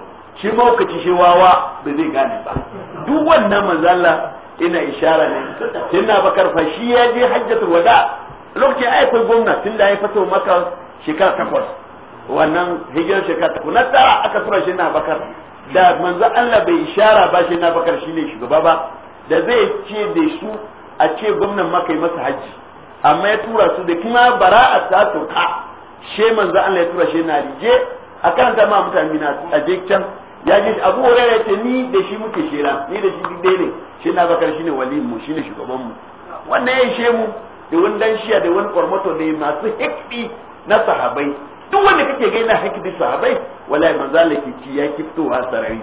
shi maukaci shi wawa ba zai gane ba duk wannan manzala ina ishara ne tunda bakar fa shi ya je hajjatul wada lokacin ai kai gwamna tunda ya takwas wannan hijirar shekara takwas na tara aka tura shi na bakar da manzo Allah bai ishara ba shi na bakar shine shugaba ba da zai ce da su a ce gwamnan maka yi masa hajji amma ya tura su da kuma bara a ta ka she manzo Allah ya tura she na rije a kan ma mutane na a je can ya ji abu hurairah ce ni da shi muke shera ni da shi duk dai ne she na bakar shine wali mu shine shugaban mu wannan ya she mu da wani dan shiya da wani kwarmato da masu hikbi na sahabai duk wanda kake ga yana hikbi sahabai wallahi manzo Allah ke ci ya kiftowa sarari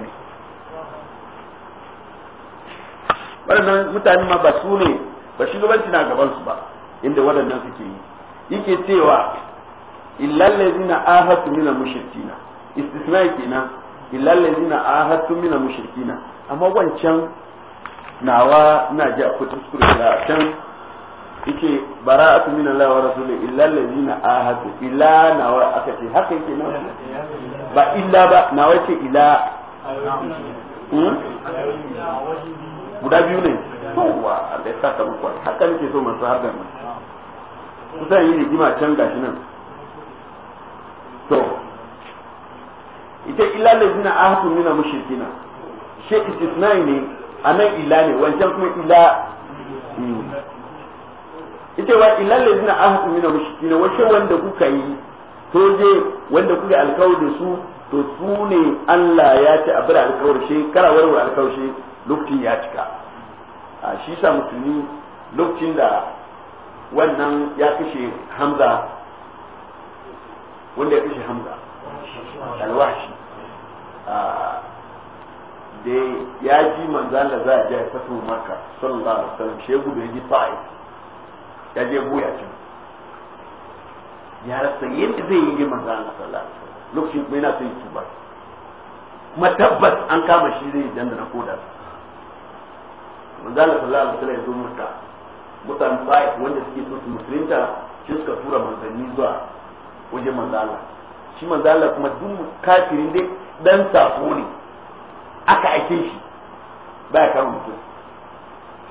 waɗannan mutane ma ba su ne ba shugabanci na gaban su ba inda waɗannan suke yi yake cewa illal ladina ahatu min mushrikina istisna kenan illal ladina ahatu min mushrikina amma wancan nawa na ji akwai kuskure da can yake bara'atu min Allah wa rasulih illa a ahadu illa nawa aka ce haka yake nawa ba illa ba nawa ce ila hmm? guda biyu ne yawwa Allah ta saka muku haka nake so masu har da mu kusan yi rigima can gashi nan to ita illa lazina ahatu min mushrikina shi istisnai ne nan illa ne wancan kuma illa ita wa illa lazina ahatu min mushrikina wace wanda kuka yi to je wanda kuka alkawari da su to su ne Allah ya ce a bar shi karawar warware shi. lokacin ya cika a shi sa musulmi lokacin da wannan ya kashe hamza wanda ya kashe hamza alwashi da ya ji manzan da za a je fato maka sallallahu alaihi wasallam shegu da ya ji fa'i ya je buya can ya rasa yadda zai yi manzan da sallallahu alaihi wasallam lokacin kuma yana son tuba kuma tabbas an kama shi zai dandana su manzala sallallahu alaihi wasallam ya zo mutta mutane bai wanda suke so su musulunta shi suka tura manzanni zuwa waje manzala shi manzala kuma duk kafirin dai dan safo ne aka ake shi ya kama mutum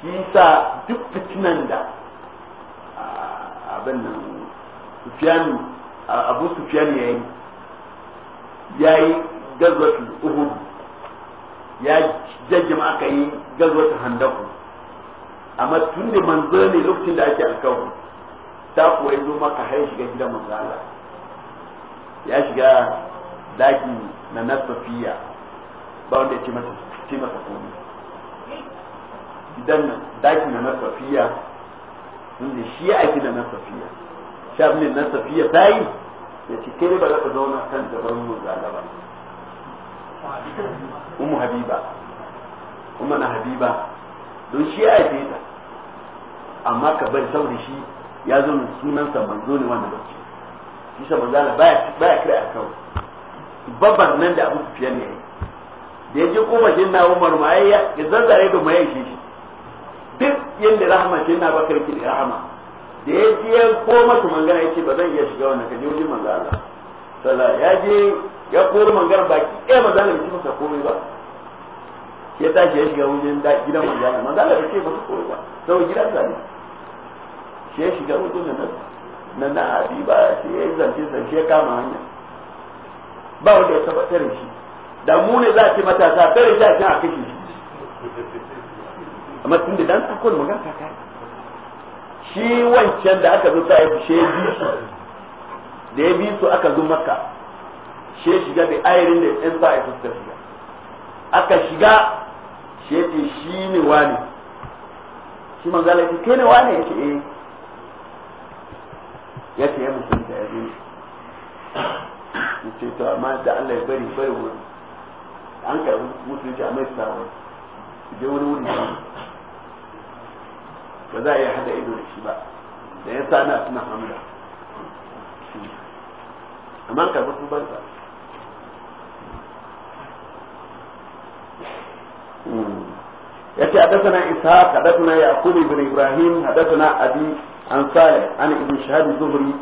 shi sa duk fitinan da abin nan Sufyan Abu Sufyan yayi yayi gazwatul Uhud ya jajjama aka yi gazwata handaku amma tun da manzo ne lokacin da ake alkawari ta kuwa zo maka har shiga gidan manzo Allah ya shiga daki na nasafiya ba wanda ya ce masa ce masa gidan daki na nasafiya inda shi ake da nasafiya shabin nasafiya ta yi ya ce kai ba za ka zauna kan dabarun manzo Allah ba umu habiba kuma na habiba don shi ya haife ta amma ka bari saboda shi ya zo ne sunansa manzo ne wannan lokaci shi sa manzo ne baya baya kira a kawai babban nan da Abu fiye ne da ya je koma shi na Umar ma ya ya zazzare da mai shi shi duk yanda rahama shi na bakar ki da rahama da ya koma su mangana yake ba zan iya shiga wannan kaje wajen manzo Allah sallallahu ya je ya koyar mangar baki ɗaya ba za ka ci masa komai ba ya tashi ya shiga wajen gidan manzana manzana bai ce masa komai ba saboda gidan sa ne shi ya shiga wajen da na na ba shi ya yi zance sa shi ya kama hanya ba wanda ya taba tare shi da mu ne za a ce matasa tare shi a a kashe shi amma tun da dan akwai magana ta shi wancan da aka zo sa yi fi shi ya bi su da ya bi su aka zo maka shi shiga da ayarin da yan sa ya fuska shiga aka shiga shi ya ce shi ne wani shi manzala ce kai ne wani ya ce eh ya ce ya musulunta ya zai ya ce ta amma da Allah ya bari bari wuri an karbi musulunci a mai sawa je wani wuri ba ba za a iya hada ido da shi ba da ya sa na suna hamda amma karbi tubansa isa a ishaq hadathana yaqub ibn ibrahim hadathana abi an salih an ibn shahadu zuhri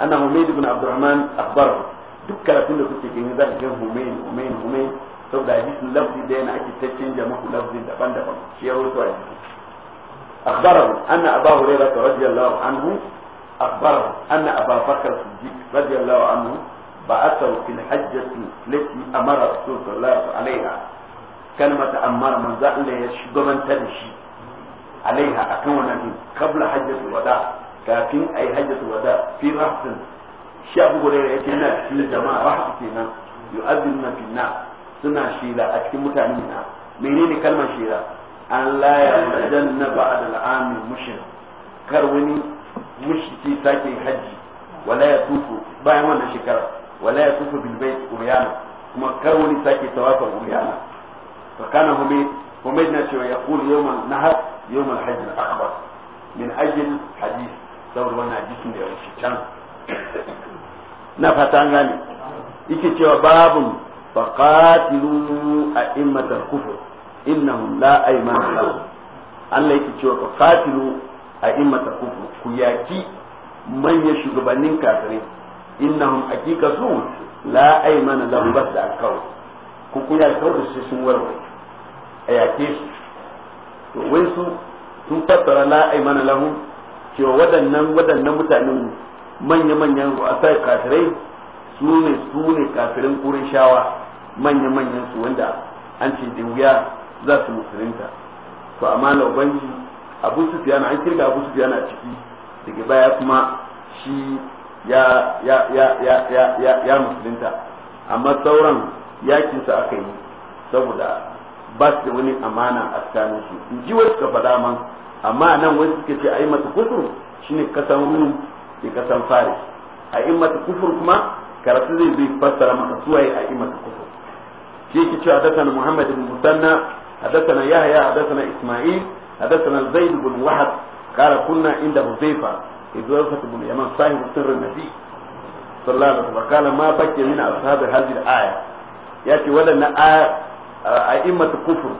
anna humayd ibn abdurrahman akhbarahu duk karatun da suke gani za ka ga humayn humayn humayn saboda hadisin lafzi da yana ake ta canja muku lafzi daban-daban shi ya rawaito a jiki akhbarahu anna abu hurairah أخبره أن أبا بكر الصديق رضي الله عنه بعثه في الحجة التي أمر الرسول الله عليه كلمة أمار من ذا إلا يشد من تنشي عليها أكون قبل حجة الوداع كافين أي حجة الوداع في رحص شابه غريرة يتنى في الجماعة رحص فينا يؤذن من في سنة شيلة أكتم تأمينا منين كلمة شيلة أن لا يعدن بعد العام المشرق كروني مشتي ساكن حجي ولا يطوف باي وانا شكرا ولا يطوف بالبيت أميانا كما كروني ساكن تواف أميانا فكان هميد هميد نشوى ويقول يوم النهر يوم الحج الأكبر من أجل حديث دور وانا حديث من يوم نفت عن غني يكي باب فقاتلوا أئمة الكفر إنهم لا أيمان لهم Allah yake cewa ka fatilu a immata kufu ku yaki manyan shugabannin kafirai innahum hakika su la aymana lahum bas da alkawu ko kuna kau da su sun warware a yake su to wai su sun fassara la aimana lahum cewa waɗannan waɗannan mutanen manya-manyan ru'asa kafirai su ne su ne kafirin shawa manya-manyan su wanda an ce da wuya za su musulunta to amma na ubangi abu sufiyana an kirga abu na ciki daga baya kuma shi ya ya ya ya ya ya musulunta amma sauran yakin sa aka yi saboda ba su wani amana a tsakanin su in ji wasu ka faɗa man amma nan wasu suka ce a yi mata kufur shine kasan rum da kasan faris a yi mata kufur kuma karatu zai zai fassara maka suwaye a yi mata kufur shi yake cewa hadathana muhammad ibn musanna hadathana yahya hadathana isma'il hadathana zaid ibn wahab kunna inda عند حذيفة إذ وقفت بن يمان صاحب سر nabi sallallahu alaihi wa sallam ma ما min ashabi hadhihi al aya. ya ce waɗannan a immatu kufur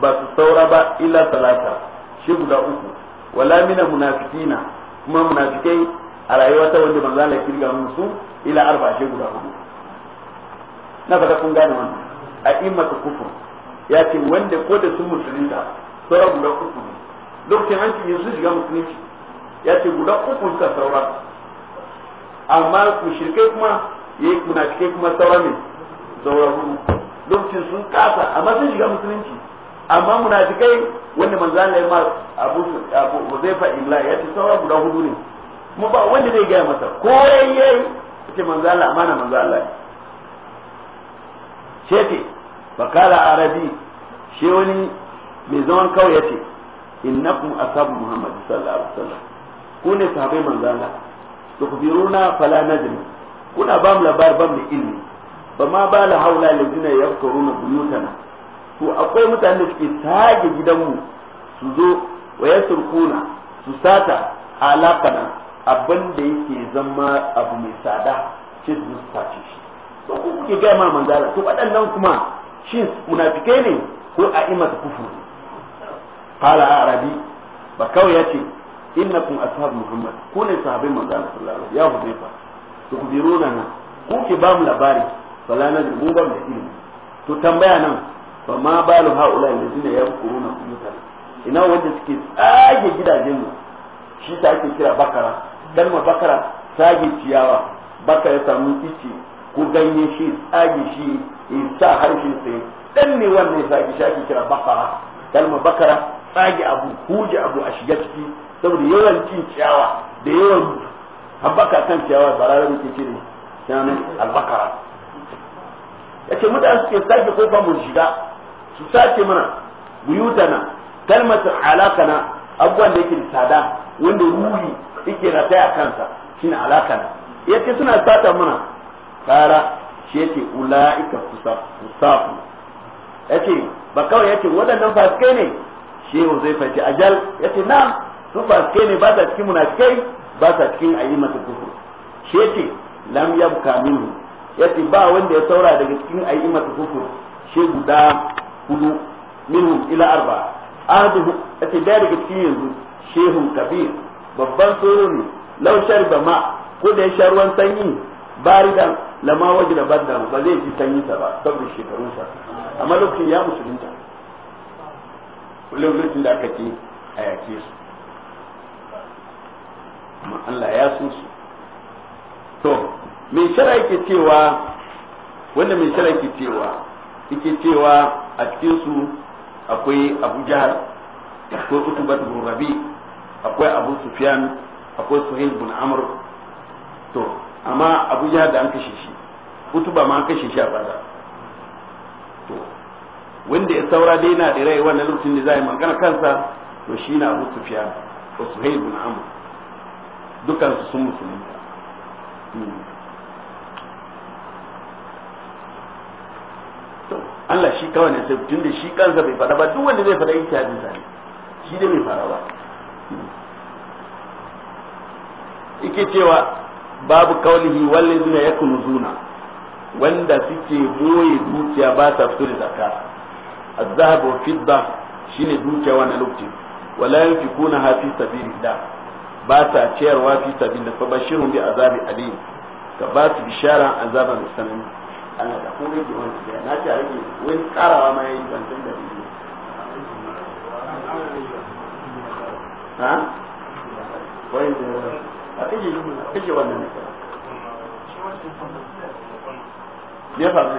ba su saura ba illa talata shi guda uku wala mina munafikina kuma munafikai a rayuwa ta wanda manzo Allah ya kirga musu ila arba shi guda uku na fata kun gane wannan a immatu kufur ya ce wanda ko da sun musulunta saura guda uku ne lokacin an ce yanzu shiga musulunci ya ce guda uku suka saura amma mushrikai kuma yayi munafikai kuma saura ne saura lokacin sun kasa amma sun shiga musulunci amma munafikai wanda manzan ya ma abu huzaifa illa ya ce sauran guda hudu ne kuma ba wanda zai gaya masa ko yayi ce manzan Allah amana manzan Allah ce bakala arabi shi wani mai zaman kawai ya ce innakum asabu muhammad sallallahu alaihi wasallam ku ne sahabbai manzan Allah tukbiruna fala najri kuna ba mu labar ba mu ilmi ba ma ba la haula lazina yafkuruna buyutana to akwai mutane da suke tage gidanmu su zo wa yasurkuna su sata alaqana abin da yake zama abu mai tsada shi su sace shi to ku kuke ga ma manzala to waɗannan kuma shi munafikai ne ko a a'imatu kufur qala arabi ba kawai yace innakum ashabu muhammad ko ne sahabbai manzala sallallahu alaihi wasallam ya hudaifa to ku biro na ku ke ba mu labari fala na gubar da ilimi to tambaya nan fa ma balu haula allazina yaquluna qulutan ina wanda suke tsage gidajen mu shi ta ake kira bakara kalma bakara sage ciyawa bakara samu ice ko ganye shi tsage shi sa harshen sai dan ne wannan ya shi ake kira bakara kalma bakara tsage abu huje abu a shiga ciki saboda yawan cin ciyawa da yawan habaka kan ciyawa ba da ke cire shi albakara yace mutane suke sake kofa mu shiga su sake mana buyutana alaka na abubuwan da yake tsada wanda ruhi yake taya kansa shine alakana yace suna sata mana kara shi yace ulaika kusafu yace ba kawai yace waɗannan fasikai ne shehu zai fahimci ajal yace na su fasikai ne ba sa cikin munafikai ba sa cikin ayyuka kufur shi yace lam yabka minhu yace ba wanda ya saura daga cikin ayyimatu hukum shi guda hudu minhum ila arba ahadu yace da daga cikin yanzu shehun kabir babban tsoro ne law shariba ma ko da ya sha ruwan sanyi baridan lama waje da badda ba zai ji sanyi sa ba saboda shekarun sa amma lokacin ya musulunta lokacin da aka ce a yake su amma Allah ya so su to mai shara yake cewa wanda mai shara yake cewa yake cewa a cikin su akwai abu jihar akwai utubat bin rabi akwai abu sufyan akwai suhail bin amr to amma abu jihar da an kashe shi utuba ma an kashe shi a baza to wanda ya saura dai na da rai wannan lokacin da za a yi magana kansa to shi na abu sufyan ko suhail bin amr dukansu sun musulunta hmm. kawai ne sai tun da shi kansa bai fara ba duk wanda zai fara ita hadin ne shi da bai fara ba ike cewa babu kaulihi wallazina zuna wanda suke boye dukiya ba ta fito da zakka az-zahab ba fidda shine dukiya wannan lokaci wala yanfikuna hafi fi sabilillah ba ta ciyarwa fi sabilillah fa bashirun bi azabi alim ka ba su bisharan mai sanani Allah da kun rage wani na ce a rage wani karawa ma yayi ban da ni ha wai da a kaje a kaje wannan ne me fa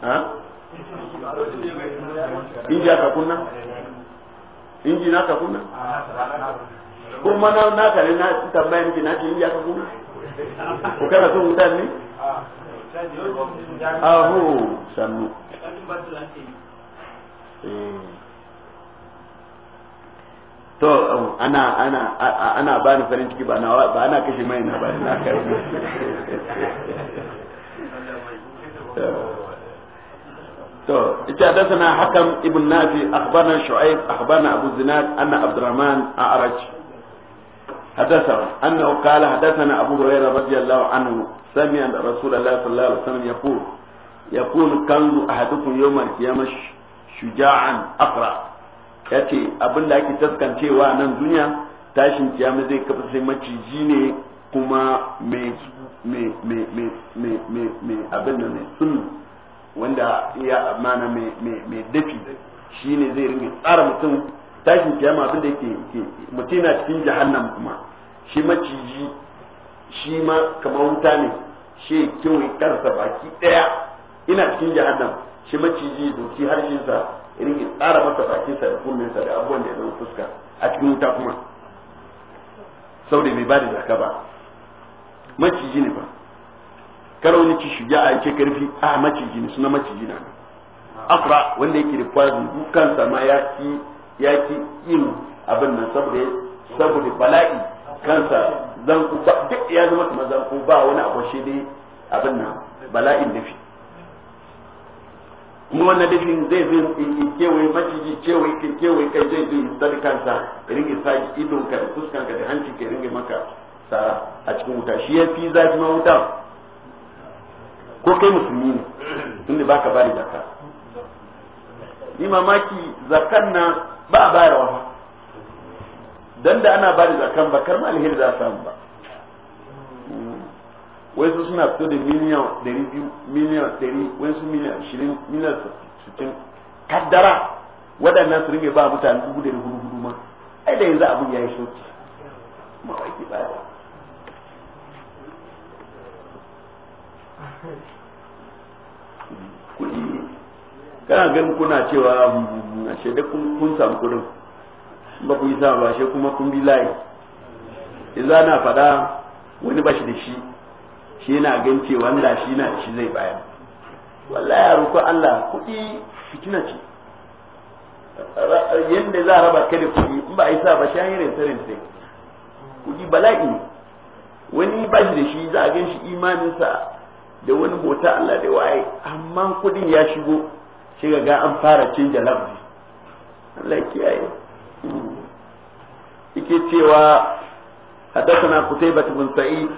ha inji aka kunna inji na ka kunna kuma mana na kare na tambaya miki na ce ya kuma ko kana son wuta ne aho ah, sannu oh, eh. to um, ana ana ana ba ni farin ciki ba na ba ana kashe mai na ba na kai to ita da sana hakam ibn nafi akhbarna shu'aib akhbarna abu zinad anna abdurrahman a'raj حدثنا أنه قال حدثنا أبو هريرة رضي الله عنه سمع رسول الله صلى الله عليه وسلم يقول يقول كنز أحدكم يوم القيامة شجاعا أقرأ yace abin da ake taskancewa nan duniya tashin kiyama zai kafa sai maciji ne kuma mai abin da mai sun wanda ya amana mai dafi shine zai ringa tsara mutum tashin kiyama abin da yake mutum na cikin jahannam kuma shi maciji shi ma kamar wuta ne shi kewaye karsa baki daya ina cikin jahannam shi maciji doki harshensa irin tsara masa bakinsa da kunninsa da abubuwan da ya zama fuska a cikin wuta kuma sau da bai ba da zaka ba maciji ne ba kara wani ci shiga a yake karfi a maciji ne suna maciji na afra wanda yake da kwazin dukansa ma ya ki ya ci yin abin nan saboda saboda bala'i kansa ku ba duk ya zama zan ku ba wani abu shi dai abin nan bala'in dafi kuma wannan dafin zai zai kewaye maciji kewaye ke kewaye kai zai zai isar kansa ringe sa idon ka da fuskan ka da hanci ka ringe maka sa a cikin wuta shi ya fi zafi ma wuta ko kai musulmi ne tunda baka bari zakka ni mamaki zakan na ba a bayarwa ma don da ana bada da zakan ba kar ma alheri za a samu ba wai su suna fito da miliyan ɗari biyu miliyan ɗari wai su miliyan ashirin miliyan sittin kaddara waɗannan su ringe ba mutane dubu da hudu hudu ma ai da yanzu abin ya yi shoki ma wai ke ba da kuɗi kana ganin kuna cewa hmm, a shaida kun samu kudin ba ku yi sa ba shi kuma kun bi layi in na faɗa wani ba shi da shi shi yana gan cewa da shi na shi zai bayar wallahi ya roƙo Allah kuɗi fitina ce yadda za a raba ka da kuɗi in ba a yi sa ba shi hanyar intanet kuɗi bala'i wani ba shi da shi za a gan shi imaninsa da wani bota Allah da waye amma kuɗin ya shigo shi ga an fara canja lafazi Allah kiyaye yake cewa حدثنا قتيبة بن سعيد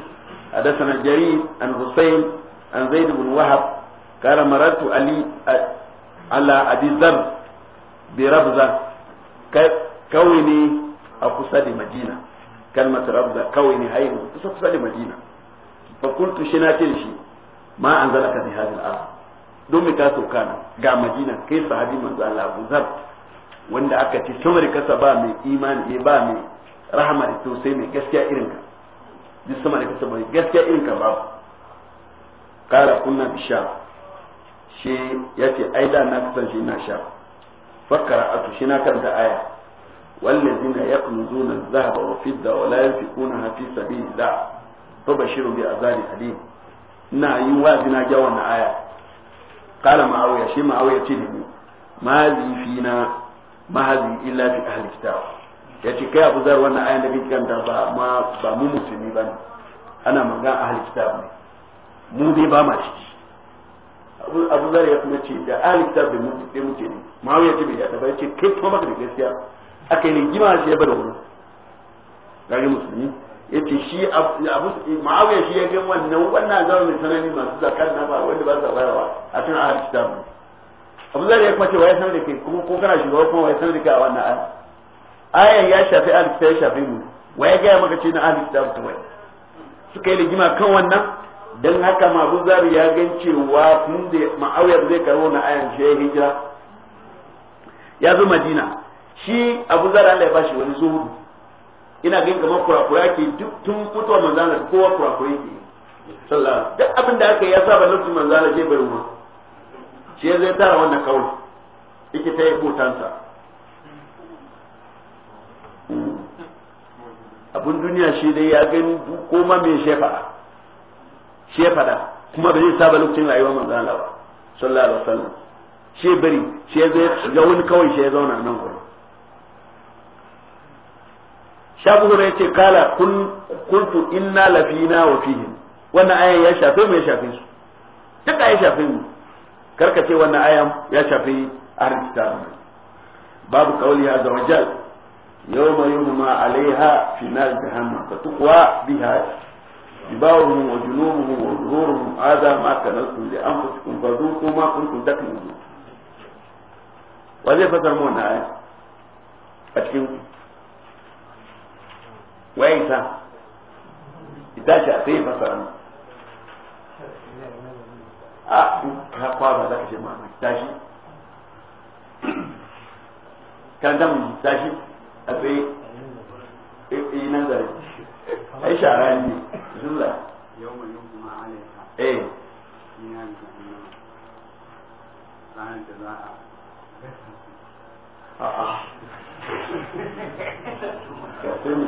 حدثنا جرير عن حسين عن زيد بن وهب قال مررت علي على أبي ذر بربزة كوني أقصد مدينة كلمة ربزة كوني هين أقصد مدينة فقلت شناتين شي ما أنزلك بهذه الآية don me ka sauka ga madina kai sahabi manzo Allah Abu Zar wanda aka ce tumar kasa ba mai imani ne ba mai rahama da tausayi mai gaskiya irin ka duk sama da kasa ba gaskiya irin ka babu kara kunna bisha shi ya ce ai da na kasance ina sha fakara atu shi na karanta aya والذين يكنزون الذهب والفضة ولا ينفقونها في سبيل الله فبشروا بعذاب أليم نا يوازنا جوا aya. qala ma'awiya shi ma'awiya ce ne ma zifina ma hazi illa fi ahli kitab yace kai abu zar wannan ayan da kike kanta ba mu musulmi bane ana magana ahli kitab ne mu dai ba ma ciki abu zar ya kuma ce da ahli kitab da mutu da mutu ne ma'awiya ce bai ya tabbata ce kai kuma baka da gaskiya akai ne gima shi ya bada wurin gari yace shi abu ma'awiya shi ya ga wannan wannan zama mai sanani masu zakar na ba wanda ba sa bayarwa a cikin ahal kitabu abu zai ya kuma cewa ya sanar da kai kuma ko kana shugaba kuma wai sanar da kai a wannan ayar ayar ya shafi ahal kitabu ya shafi mu wai ga maka ce na ahal kitabu to wai suka yi rigima kan wannan dan haka ma abu zari ya gan cewa tun da ma'awiya zai karo na ayar shi ya hijira ya zo madina shi abu zari Allah ya bashi wani zuhudu ina ganin kamar kurakura ke duk tun mutuwa manzana kowa kurakura ke sallah duk abin da aka yi ya saba nufin manzana sai bai ruwa shi ya zai tara wannan kawai yake ta yi kotansa abin duniya shi dai ya gani koma mai shefara shefada kuma bai zai saba lokacin rayuwar manzana ba sallah da sallah shi bari shi ya zai ga wani kawai shi ya zauna nan kuma shafi zura ya ce kala kuntu inna lafina wa fihi wannan ayan ya shafe mu ya shafe su duka ya shafe mu karka ce wannan ayan ya shafe ahlul kitab babu qawli ya da wajal yawma yumma alaiha fi nar jahannam fatuqwa biha dibawuhum wa junubuhum wa zuhuruhum hadha ma kanastum li anfusikum fadhuqu ma kuntum taknizun wa zai fasar mu wannan ayan a cikin وين كان يحتاج تعطيه مثلا اه ها قام هذاك الشيء ما يحتاج كان دم يحتاج ابي اي إيه، نظر اي شعر عندي بسم الله يوم يوم ما عليك ايه اه اه يا سيدي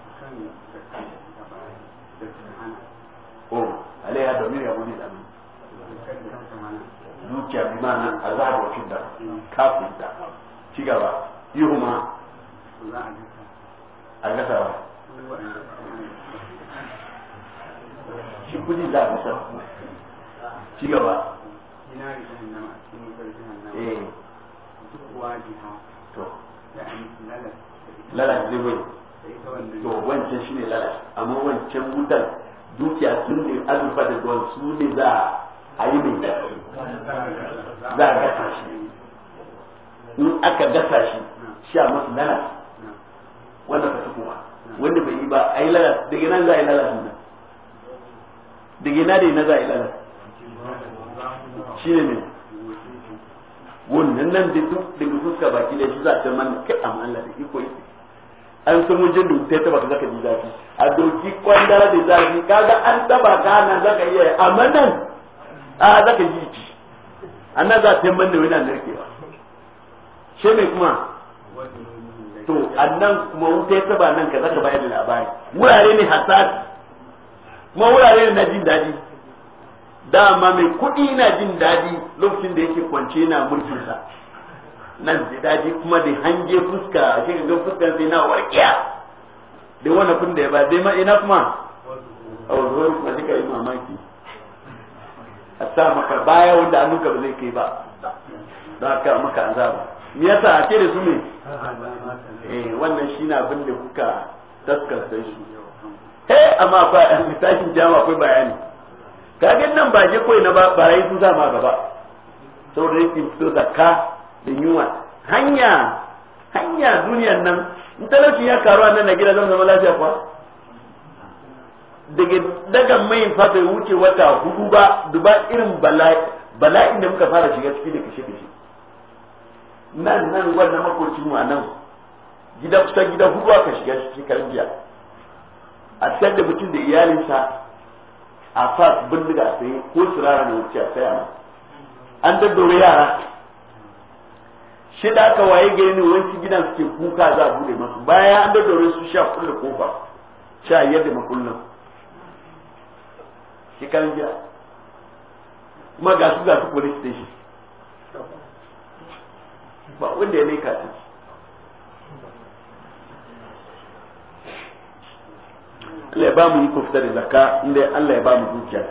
o alaiha domin ya muni dami dukiya bi mana azab wa fidda kafin da ci gaba yuhuma a gasa ba shi kudi za a gasa ci gaba eh to lalace zai to wancan shi ne lalace amma wancan mutan. dukiya sun da azurfa da gold su ne za a yi mai za a gasa shi in aka gasa shi sha masu lana wanda ka kuma wanda bai yi ba a yi lana daga nan za a yi lana nan daga nan da na za a yi lana shi ne ne wannan nan da duk daga fuska baki da shi za a ce mana kai amma Allah da iko yi. an san wajen da ta taba zaka ji zafi a doki kwanda da zafi kaga an taba ka nan zaka iya amma nan a zaka ji ci anan za ta yamma da wani narkewa she mai kuma to annan kuma wuta taba nan ka zaka bayar da labari wurare ne hasad kuma wurare ne na jin daji dama mai kuɗi na jin daɗi lokacin da yake kwance na sa nan daji kuma da hange fuska shi ga fuskan sai na warkiya da wannan kun da ya ba dai ma ina kuma a wanzuwar kuma shi ka yi mamaki a sa maka baya wanda annuka ba zai kai ba za ka maka azaba me yasa a ce da su ne eh wannan shi na abin da kuka sai shi eh amma akwai a misalin jama akwai bayani kagin nan ba je kawai na ba barayi sun sa ma gaba saboda yake fito zakka da yunwa hanya hanya duniyan nan in talauci ya karu nan na gida zan zama lafiya kuwa daga daga mai fa bai wuce wata hudu ba duba irin bala'in da muka fara shiga ciki da kashe kashe nan nan wannan makocin mu nan gida kusa gida hudu aka shiga shekarun jiya a sayar da mutum da iyalinsa a fas bindiga sai ko sirara ne wuce a saya an daddore yara shi da aka waye gari ne wanci gidan suke kuka za a bude masu bayan an da dore su sha kulle kofa sha yadda makullin kan jiya kuma ga su ga su police station ba wanda ya leka ta Allah ya ba mu iko fitar da zakka inda Allah ya ba mu dukiya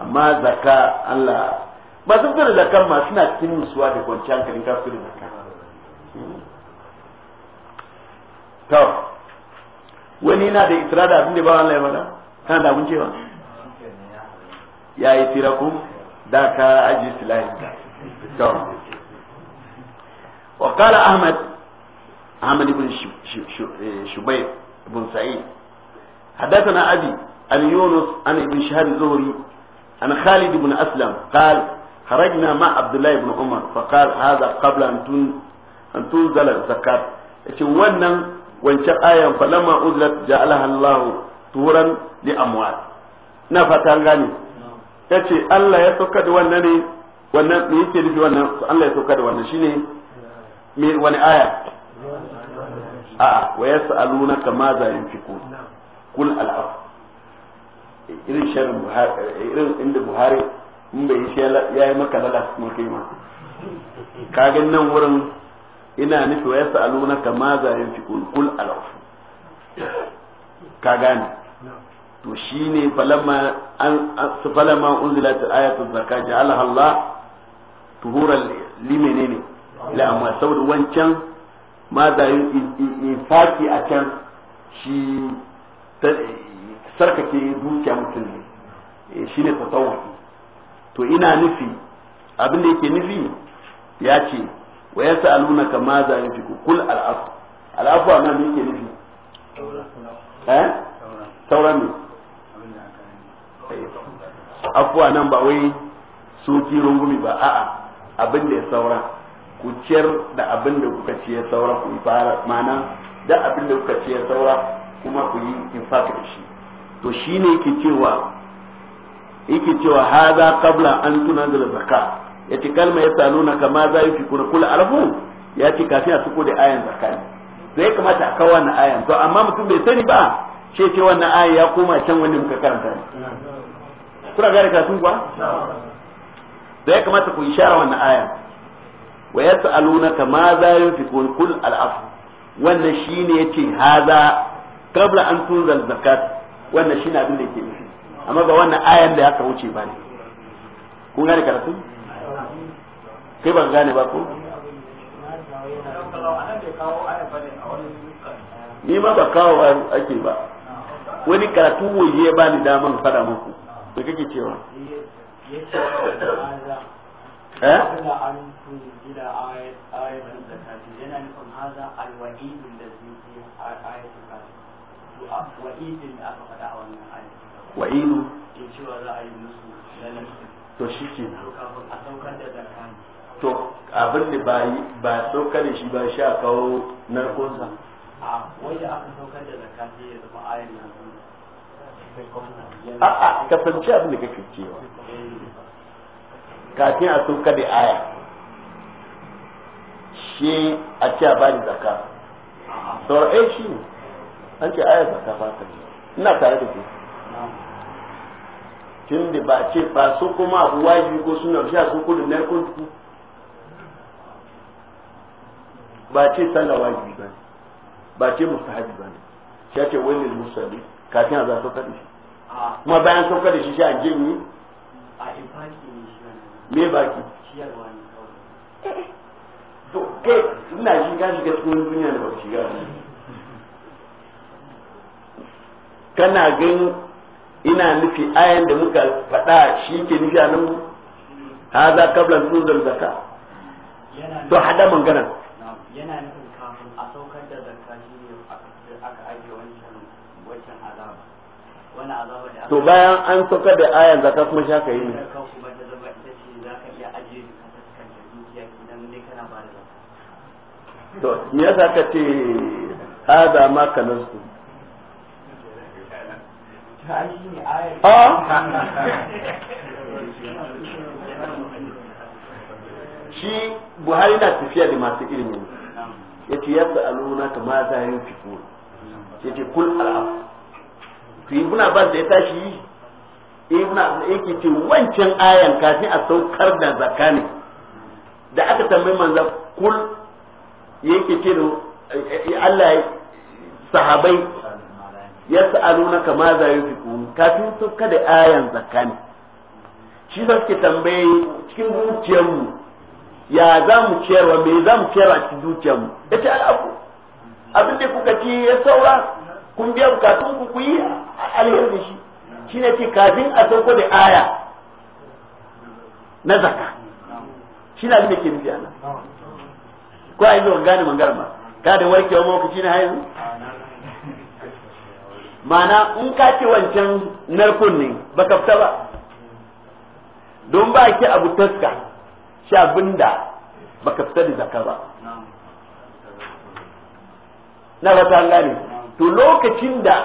amma zakka Allah ba su fitar da zakkan ma suna cikin musuwa da kwanciyar hankalin kafin to wani na da itira da abin da ba Allah ya faɗa kana da abin cewa ya yi tirakun da ka aji silahin ka to wa qala ahmad ahmad ibn eh, shubayr ibn sa'id حدثنا abi an yunus an ibn شهاب الزهري an khalid ibn aslam قال خرجنا مع عبد الله بن عمر فقال هذا قبل ان تنزل الزكاه لكن wannan wancan ayan falamma uzlat ja'alaha Allah turan li amwat na fata an gane kace Allah ya sauka da wannan ne wannan me yake nufi wannan Allah ya sauka da wannan shine me wani aya a wa yas'aluna kama za yunfiqun kul al'af irin sharrin buhari irin inda buhari in bai yi shi ya yi maka lalas mun kai ma ga nan wurin ina nufi wa na ma za yin fi al alaufu ka gane to shine falamma an falamma unzilat ayatu zakka ja'alaha Allah tuhuran ne la amma saboda wancan ma da infaki a can shi sarkake dukiya mutum ne eh, shine tasawwuri to ina nufi abin da yake nufi ya ce wa yas'alunaka ma za yunfiqu kul al'afu al'afu anan me yake nufi eh sauran ne afuwa nan ba wai soki rungumi ba a'a abin da ya saura ku ciyar da abin da kuka ci ya saura ku yi fara mana da abin da kuka ci ya saura kuma ku yi infaka da shi to shine yake cewa yake cewa haza qabla an tunzila zakat ya ce kalma ya saluna kama za yi kuna kula arabu ya ce kafin a suko da ayan zakani to ya kamata a kawo wannan ayan to amma mutum bai sani ba ce ce wannan ayan ya koma can wanda muka karanta kuna gane kafin kuwa to ya kamata ku ishara wannan ayan wa ka kama za kuna kula al'afu wannan shine ce haza kabla an tunzal zakat wannan shine abin da ke nufi amma ba wannan ayan da ka wuce ba ne kun gane karatu kai ban gane ba ko ni ma ba kawo ake ba wani karatu waje ya bani daman fada muku me kake cewa eh? wa'idu to shi ke to abin da ba yi ba saukar shi ba shi a kawo narkonsa a wanda aka saukar da zakati ya zama ayin nan a'a a fahimci abin da kake cewa kafin a saukar da aya shi a ce a bani zaka sauran eh, shi ne an ce aya zaka ba ta ina tare da ke tun da ba ce ba su kuma wajibi ko suna shi a sun kudin narkonsa ba ce sallah wajibi ba ba ce mustahabi ba ne shi ake wani musalli kafin a za saukar da shi kuma bayan saukar da shi shi a jini a ifaki ne me baki to kai ina shiga shiga cikin duniya da ba ne? kana gani ina nufi ayan da muka faɗa shi ke nufi a nan haza kablan tuzar zaka to hada maganar yana nufin kafin a saukar da zakka shi ne aka ajiye wancan wancan azaba wani azaba da aka to bayan an saukar da ayan zakka kuma sha aka yi ne kuma ta zama ita ce za ka iya ajiye ka fuskanta dukiya idan ne kana ba da zakka to me yasa ka ce hada ma kanasu shi buhari na tafiya da masu ilimi yace yas'aluna ma za yunfiqun yace kul al'af to ibn abbas da ya tashi ibn eh, yake ce wancan ayan kafin a saukar da zakani da aka tambayi manzo kul yake ce da eh, eh, Allah sahabai yas'aluna kama za yunfiqun kafin saukar da ayan zakani shi shi suke tambaye cikin zuciyarmu ya za mu ciyarwa me za mu ciyarwa a cikin mu ya ce al'abu abin da kuka ci ya saura kun biya bukatun ku ku yi alheri da shi shi ne ce kafin a sauko da aya na zaka shi na abin da ke nufi ana ko a yanzu gane mangar ma ka da warkewa mawakaci na haihu mana in ka ce wancan narkon ne baka fita ba don ba ki abu taska shi ba baka fita da zakka ba na ba ta gane to lokacin da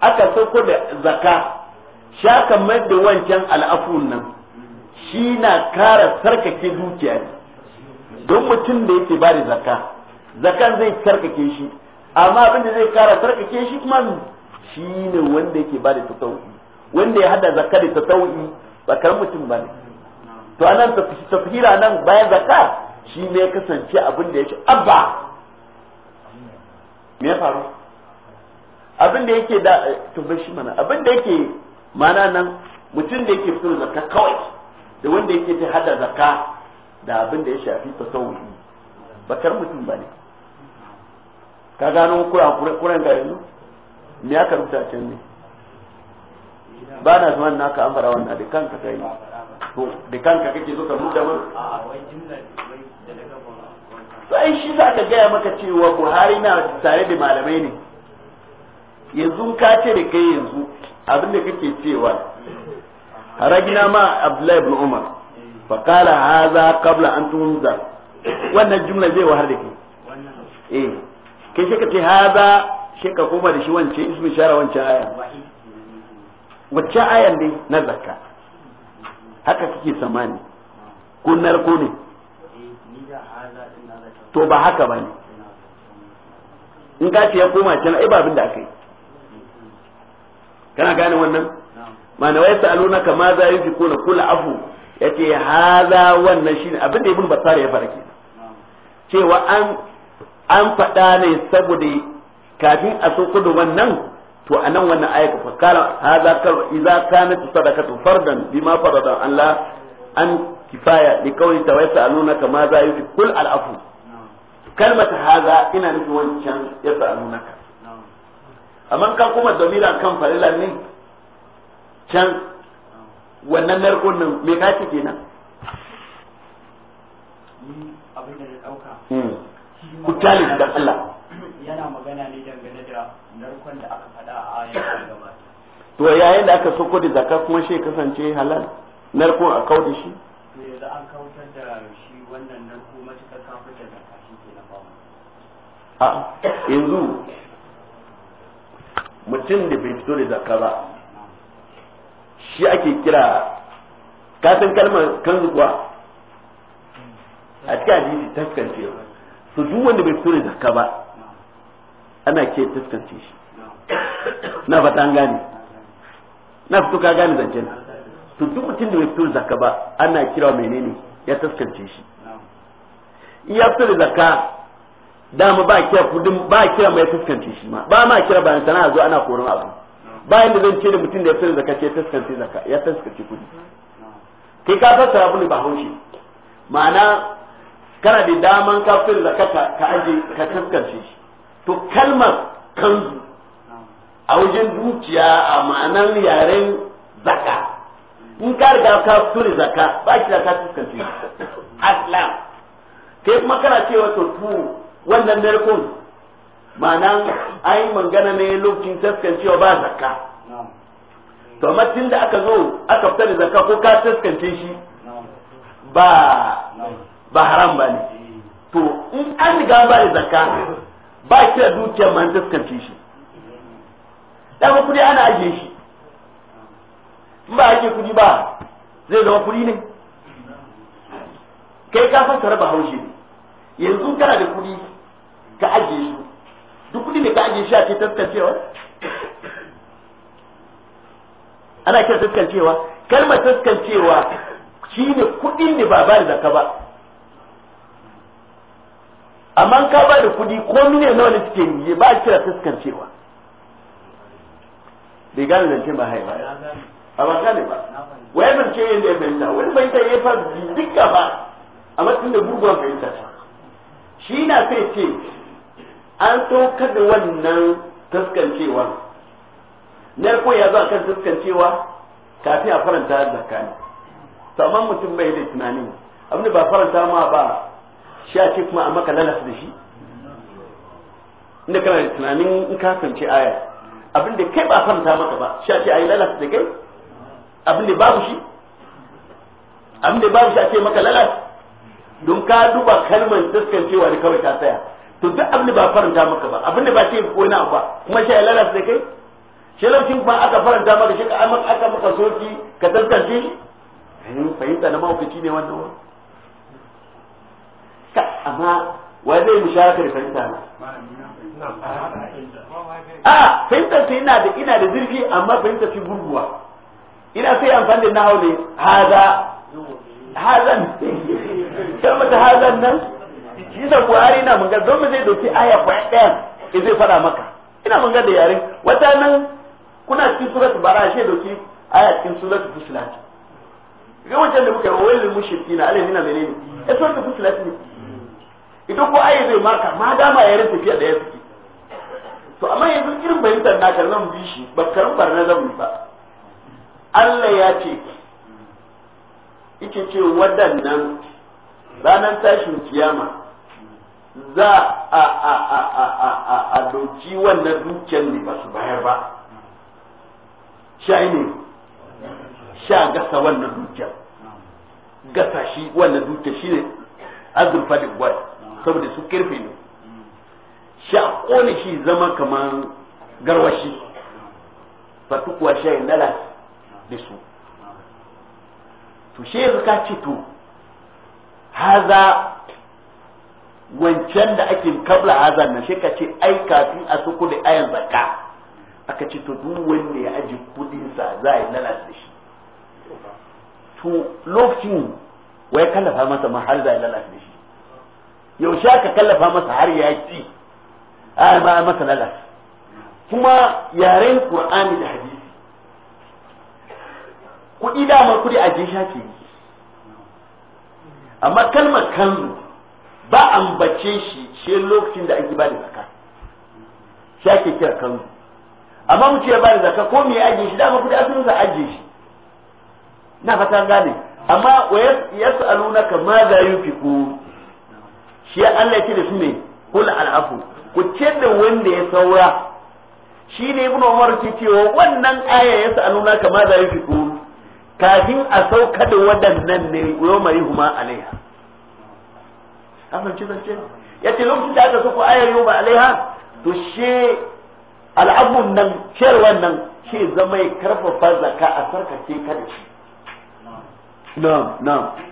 aka sauko da zaka sha kamar da wancan al'afun nan shi na kara sarkake dukiya don mutum da yake ba da zaka, zakan zai sarkake shi amma abin da zai kara sarkake shi kuma shi ne wanda yake ba da tasawu'i wanda ya hada zaka da tasawu'i ba kar mutum ba ne to anan tafhira nan bayan zakka shi ne kasance abin da yake abba me ya faru abin da yake da eh, bai shi mana abin da yake mana nan mutum da yake fitar zakka kawai da wanda yake ta hada zakka da abin da ya shafi tasawuri bakar mutum ba ne ka gano kuran ga yanzu me aka rubuta can ne ba na zuwa naka an fara wannan da kanka kai to da kanka kake so ka buɗe mun to ai shi za ka gaya maka cewa buhari na tare da malamai ne yanzu ka ce da kai yanzu abin da kake cewa ragina ma abdullahi ibn umar fa qala hadha qabla an tunzar wannan jumla zai wahar da kai eh kai sai ka ce hadha sai ka koma da shi wance ismi shara wancan aya wancan ayan dai na zakka haka kake samani ko narko ne to ba haka ba ne in gashi ya koma can ai ba abin da aka yi kana gane wannan ma'ana wai ka kama za yi ko na kula afu yace haza wannan shine abin da ibn basara ya fara cewa an an faɗa ne saboda kafin a so kudu wannan to a nan wannan ayaka fa kala hadha kal idza kanat sadaqatu fardan bima farada Allah an kifaya li kawai tawassaluna kama za yufi kul al afu kalmata haza ina nufin wancan ka amma kan kuma domina kan farila ne can wannan narkon nan me ce kenan abin da ya dauka hmm. ku talib da Allah yana magana ne dangane da da to yayin da aka soko da zakka kuma shi kasance halal narkon a kauda yanzu da shi yanzu mutum da bai fito da zakka ba shi ake kira kasan kalmar kanzu kuwa a cikin hadisi su duk wanda bai fito da zakka ba ana ke fuskance shi na fata an gane na fito ka gane zancen to duk mutum da ya fito zaka ba ana kira menene ya taskance shi in ya fito da zaka dama ba kira kudin ba kira mai taskance shi ma ba ma kira bayan sana'a zo ana koron abu bayan da zan ce da mutum da ya fito da zaka ce taskance zaka ya taskance kudi kai ka fasa abu ne ba haushi ma'ana kana da daman ka fito da zaka ka aje ka taskance shi to kalmar kanzu a wajen dukiya a ma'anar yaren zaka in ka riga ka turi zaka ba ki zaka fuskanci aslam kai kuma kana cewa to tu wannan narkon ma'anar ai mangana ne lokacin taskancewa ba zakka to amma tun da aka zo aka fita da zakka ko ka taskance shi ba ba haram ba ne to in an riga ba da zakka ba shi da dukiya man zaskance shi dama kudi ana ajiye shi in ba ajiye kudi ba zai zama kudi ne kai ka san raba ne yanzu kana da kudi ka ajiye shi duk kudi ne ka ajiye shi a ce taskancewa ana kira taskancewa kalmar taskancewa shine kudin ne ba ba da zaka ba amma ka ba da kudi ko mine nawa ne suke niye ba a kira fuskancewa bai gane zancen ba haifa a ba gane ba wai yin da ya fahimta wani fahimta ya fa dukka ba a matsayin da gurguwan fahimta ta shi na sai ce an saukar da wannan fuskancewa na ko ya zo a kan fuskancewa kafin a faranta zakani to amma mutum bai da tunanin abin da ba faranta ma ba shi kuma a maka lalas da shi inda kana da tunanin in ka kance aya abin da kai ba faranta maka ba shi a ayi lalas da kai abin da babu shi abin da babu shi a ce maka lalas don ka duba kalmar taskancewa da kawai ta tsaya to duk abin da ba faranta maka ba abin da ba ce wani abu ba kuma shi ayi lalata da kai shi lokacin kuma aka faranta maka shi ka aka maka soki ka tantance shi fahimta na mahaukaci ne wannan wani ka amma wa zai musharaka da fahimta na a fahimtar su ina da ina da zirgi amma fahimtar su gurguwa ina sai amfani da nahawu ne haza hazan kalmar mata hazan nan shi sa buhari na manga don mu zai dauki aya kwaya ɗaya ya zai fada maka ina manga da yaren wata nan kuna cikin suratu bara shi dauki aya cikin suratu fusilat ga wancan da muka yi wa wani mushirki na alaihi na menene ya suratu fusilat ne idan ko ai zai maka ma dama ya rinta fiye da ya to amma yanzu irin fahimtar na zan bi shi ba karin barna zan ba Allah ya ce yake ce waɗannan ranar tashin kiyama za a a a a a a a doki wannan dukiyar ne ba su bayar ba sha ne sha gasa wannan dukiyar gasa shi wannan dukiyar shi ne azurfa da gwal saboda su kirfe ne shi a kone shi zama kamar garwashi fatukuwa shi lala da su to shi ya ka ce to haza wancan da ake kabla haza na shi ka ce ai kafin a suku da ayan zaka aka ce to duk wanda ya aji kudinsa za a yi lalas da shi to lokacin wai kallafa masa mahal za a yi da shi yaushe aka kallafa masa har ya ci a ma masa lala kuma yaren qur'ani da hadisi kuɗi damar kuɗi a jisha ke yi amma kalmar kanzu ba ambace shi shi lokacin da ake ba da zaka shi ake kira kanzu amma mu ce ba da zaka ko me ajiye shi dama kuɗi sun sa ajiye shi na fata gane amma wa yas'alunaka ma za yunfiqun shi Allah ya ce da su ne kul al'afu ku ce da wanda ya saura shi ne ibn umar ke cewa wannan aya ya nuna kama da yake ku kafin a sauka da wadannan ne yau mai huma alaiha da ce ya ce lokacin da aka sauko ayar yau ba alaiha to she al'abun nan ciyarwan wannan she zama ya karfafa zaka a sarkace ka da shi na'am na'am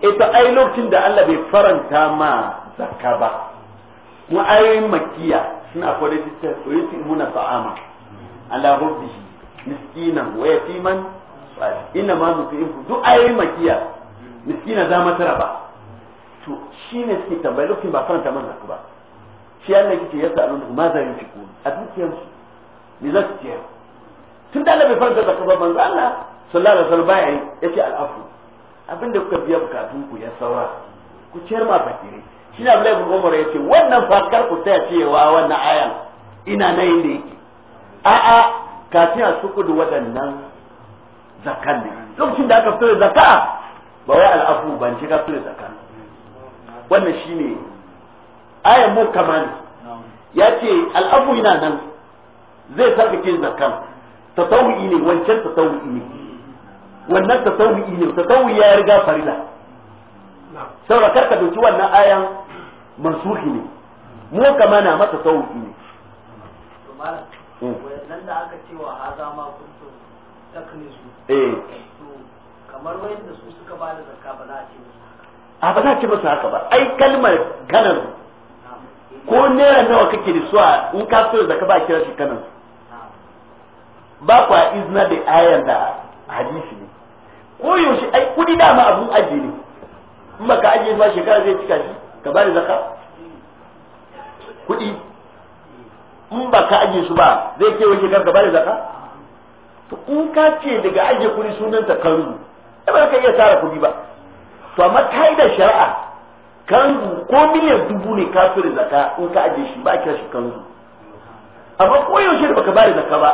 ita ai lokacin da Allah bai faranta ma zakka ba kuma ayoyin makiya suna kwade ta tsoyiti muna ta'ama ala rubbihi miskinan wa yatiman inna ma fi duk ayoyin makiya miskina za tara ba to shine suke tambaye lokacin ba faranta man zakka ba shi Allah yake ya sa alun ma za yi a dukiyar su me za su ciyar tun da Allah bai faranta zakka ba manzo Allah sallallahu alaihi wasallam baya yace al'afu abin da kuka biya bukatun ku ya saura ku ciyar ma fakiri shi na Abdullahi bin ya ce wannan fakar ku ta cewa wannan ayan ina na yin da yake a'a kafin a da waɗannan zakan ne lokacin da aka fito da zaka ba wai al'afu ba ce ka fito da zakan wannan shine ayan mu Ya ce al'afu ina nan zai sarkake zakan tatawu'i ne wancan tatawu'i ne wannan tasawwi ta tasawwi ya riga farila saboda karka dauki wannan ayan mansuhi ne mu kama na mata tasawwi ne to malam hmm. wannan da aka cewa haza ma kuntum taknisu eh kamar da su suka ba da zakka ba za a ce musu a ba za a ce musu haka ba ai kalmar ganar ko naira nawa kake da su a in ka so zakka ba kira shi kanan ba kwa izna da ayan da hadisi ko yaushe ai kudi dama abun ajiye ne in ka ajiye ba shekara zai cika shi ka ba da zaka kudi in ka ajiye su ba zai kewa shekara ka ba da zaka to in ka ce daga ajiye kudi sunan ta kanzu ba ka iya tara kudi ba to amma kai da shari'a kanzu ko miliyan dubu ne ka fi zaka in ka ajiye shi ba a kira shi kanzu amma ko yaushe da baka bada zaka ba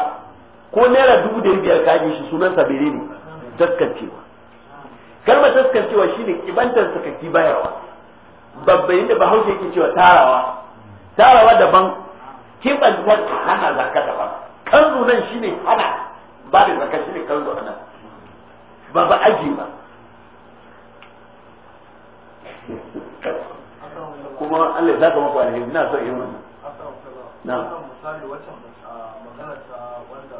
ko naira dubu da biyar ka ajiye shi sunan sa bere ne taskancewa kalmar taskancewa shine kibantar sakaki bayarwa babbayin da bahaushe yake cewa tarawa tarawa daban kiban kibantar hana zakka daban kanzu nan shine hana ba da zakka shine kanzu hana ba ba aji ba kuma Allah ya zaka maka alheri ina so yin wannan na misali wannan ah, magana ta wanda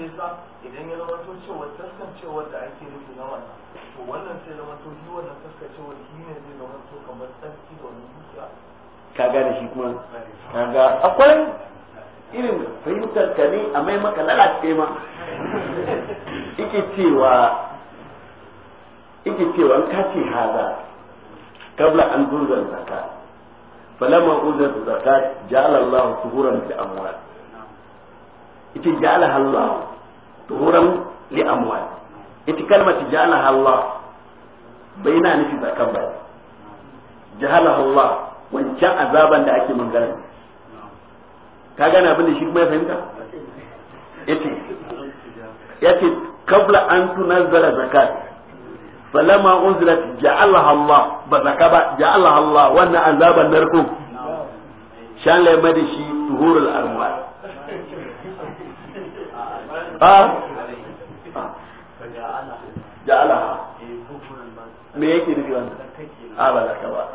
yasa idan ya zama to cewa taskancewar da ake nufi na wannan to wannan sai zama to yi wannan taskancewar shi ne zai zama to kamar tsarki da wani dukiya ka gane shi kuma ka ga akwai irin fahimtar ka ne a mai maka lalace ma ike cewa ike cewa an kace haza kabla an dunzan zakat فلما أوزت الزكاة جعل الله سهورا في الأموال ita ja'ala Allah tuhuram li amwal ita kalmar ja'ala Allah bai na nufi zakan ba ja'ala Allah wancan azaban da ake magana ka gane abin da shi kuma ya fahimta yace yace kabla an tunazzala zakat فلما أنزلت جعلها الله بزكبة جعلها الله وأن عذاب النار شان لا يمدي شيء ظهور الأموال a ja'alaha me yake nufi wannan a ah, ba ka ba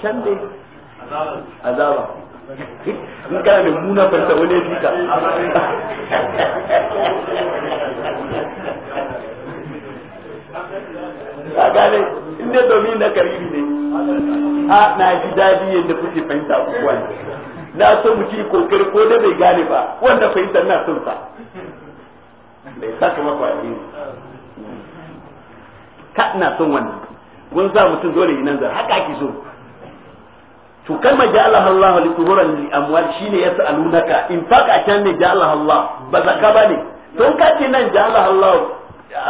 can dai azaba in kana da muna fanta wani ya fika ka gane in dai domin na karibi ne a na ji daɗi yadda kuke fahimta abubuwan na so mu ci kokari ko da bai gane ba wanda fahimtar na son sa bai saka maka wani ka na son wannan kun sa mutum dole yi nan zar haka ake so to ma ja Allah Allah li tuhuran li amwal shine yas'alunaka in fa ka can ne ja Allah Allah ba zakka bane to ka ce nan ja Allah Allah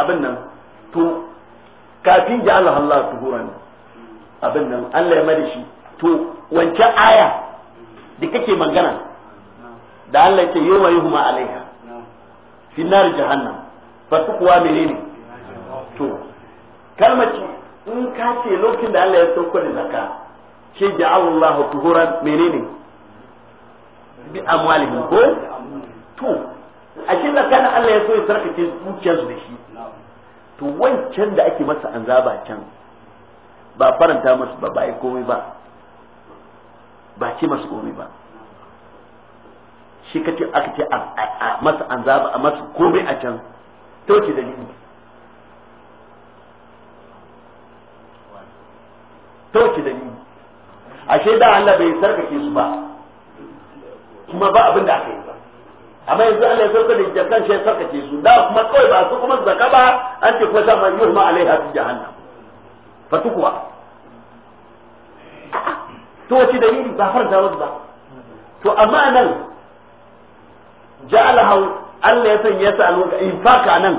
abin nan to kafin ja Allah Allah tuhuran abin nan Allah ya mada shi to wancan aya da kake magana da Allah ya ce yawa yuhuma alaiha fi nar jahannam farko kuwa menene to kalmaci in ka ce lokacin da Allah ya sauko da zakka ke ja'alallahu tuhuran menene bi amwalihim ko to a cikin zakka da Allah ya so ya sarkace zuciyarsu da shi to wancan da ake masa an zaba can ba faranta masu ba ba komai ba ba ce masu komai ba shi kace aka ce a masa an zaba a masa komai a can ta wace dalili ta wace a ashe da Allah bai sarkake su ba kuma ba abin da aka yi ba amma yanzu Allah ya sarkake da kan shi ya sarkake su da kuma kawai ba su kuma zaka ba an ce kuma sama yuhma alaiha fi jahannam fatukuwa to wace dalili ba farza wasu ba to amma nan ja'alahu Allah ya sanya sa alwaka infaka nan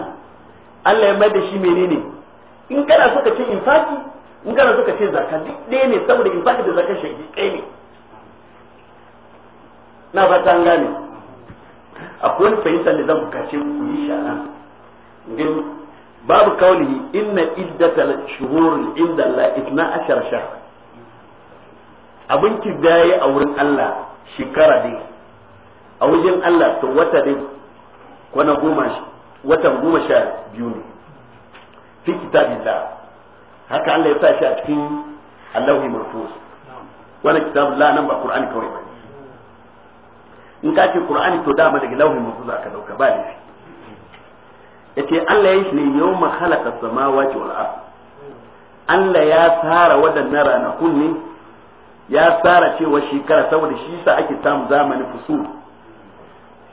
Allah ya mai da shi menene in kana so ka ce infaki in kana so ka ce zakka duk ɗaya ne saboda infaki da zakka shi ɗaya ne na fata an gane akwai wani fahimtar da zan bukace ku yi shana din babu kauli inna iddata shuhur inda Allah itna ashar shahr abin ki a wurin Allah shekara dai a wajen Allah to wata dai kwana goma watan goma sha biyu ne fi da haka Allah ya sa shi a cikin Allahu marfus wannan la nan ba Qur'ani kawai ba in ka ce Qur'ani to dama daga lauhin marfus aka dauka ba ne yace Allah ya yi shi ne yawma khalaqa samawati wal ardh Allah ya tsara waɗannan ranakun ne ya tsara cewa shekara saboda shi sa ake samun zamanin fusul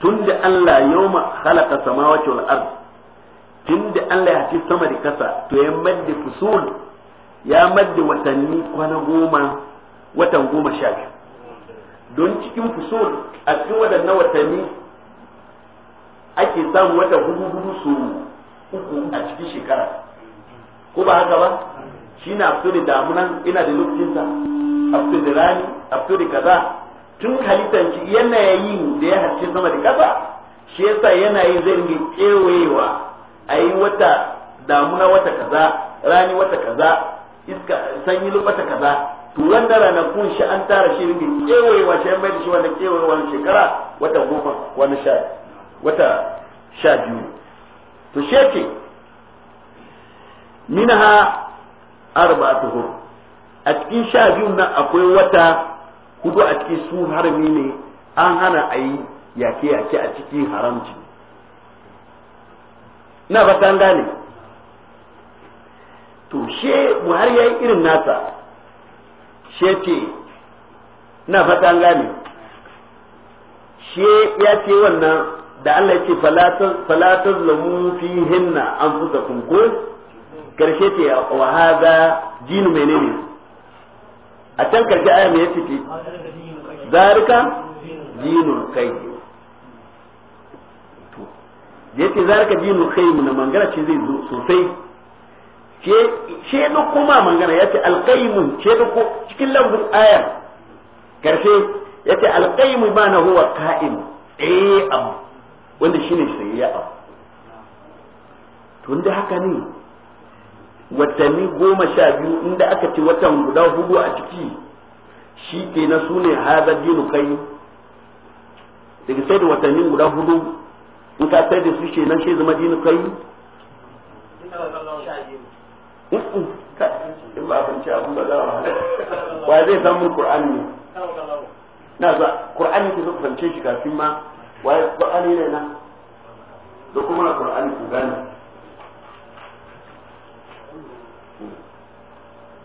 tunda Allah yawma khalaqa samawati wal ard tunda Allah ya ci sama da kasa to ya madda fusul ya madda watanni kwana goma watan goma sha biyu don cikin fusul a cikin waɗannan watanni ake samu wata hudu hudu su uku a cikin shekara ko ba haka ba shi na fito da damunan ina da lokacinsa a fito da rani a fito da kaza tun halittar shi yanayin da ya harci sama da kasa shi yasa yanayin zai ringa kewayewa a yi wata damuna wata kaza rani wata kaza iska sanyi wata kaza turan da ranakun shi an tara shi ringa kewayewa shi an da shi wani kewayewa wani shekara wata goma wani sha wata sha biyu to shi yake minha arba'atu a cikin sha biyun nan akwai wata hudu a ciki su harami ne an hana a yi yake yake a ciki haramci na ba ta gane to she buhari ya yi irin nasa she ce na ba ta gane she ya ce wannan da Allah ya ce falatar lamu fi hinna an fusa ko karshe ce wa haza jinu menene a can karshe aya mai ya ciki zarika dinul kai to da yake zarika dinul kai mun mangana ce zai zo sosai ce ce da kuma mangara yace alqaimun ce da ko cikin lafzin aya karshe yace alqaimu ma na huwa qa'im eh am wanda shine ya abu to inda haka ne watanni goma sha biyu inda aka ce watan guda hudu a ciki shi ke na su ne haza dinu kai daga sai da watanni guda hudu in ka sai da su ke nan shi zama dinu kai wa zai san mun ne na za qur'ani ku fahimce shi kafin ma wa qur'ani ne na da kuma Kur'an ku gane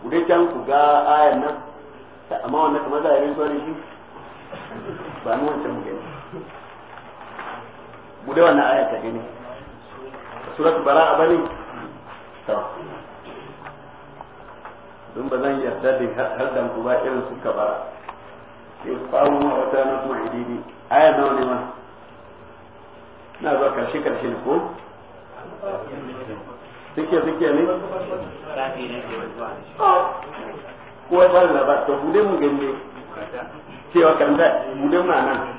ku can ku ga ayan nan amma wannan kamar za a yi rinsuwa da shi ba mu wancan mu gani mu dai wannan ayan ka gani suratu bara'a bane to don ba zan yarda da haddan ku ba irin suka bara sai kawo ma wata na kuma ididi ayan nawa ne ma na zuwa karshe karshe ne ko suke suke ne ko wata labar to bude mu gende cewa kan da bude mu nan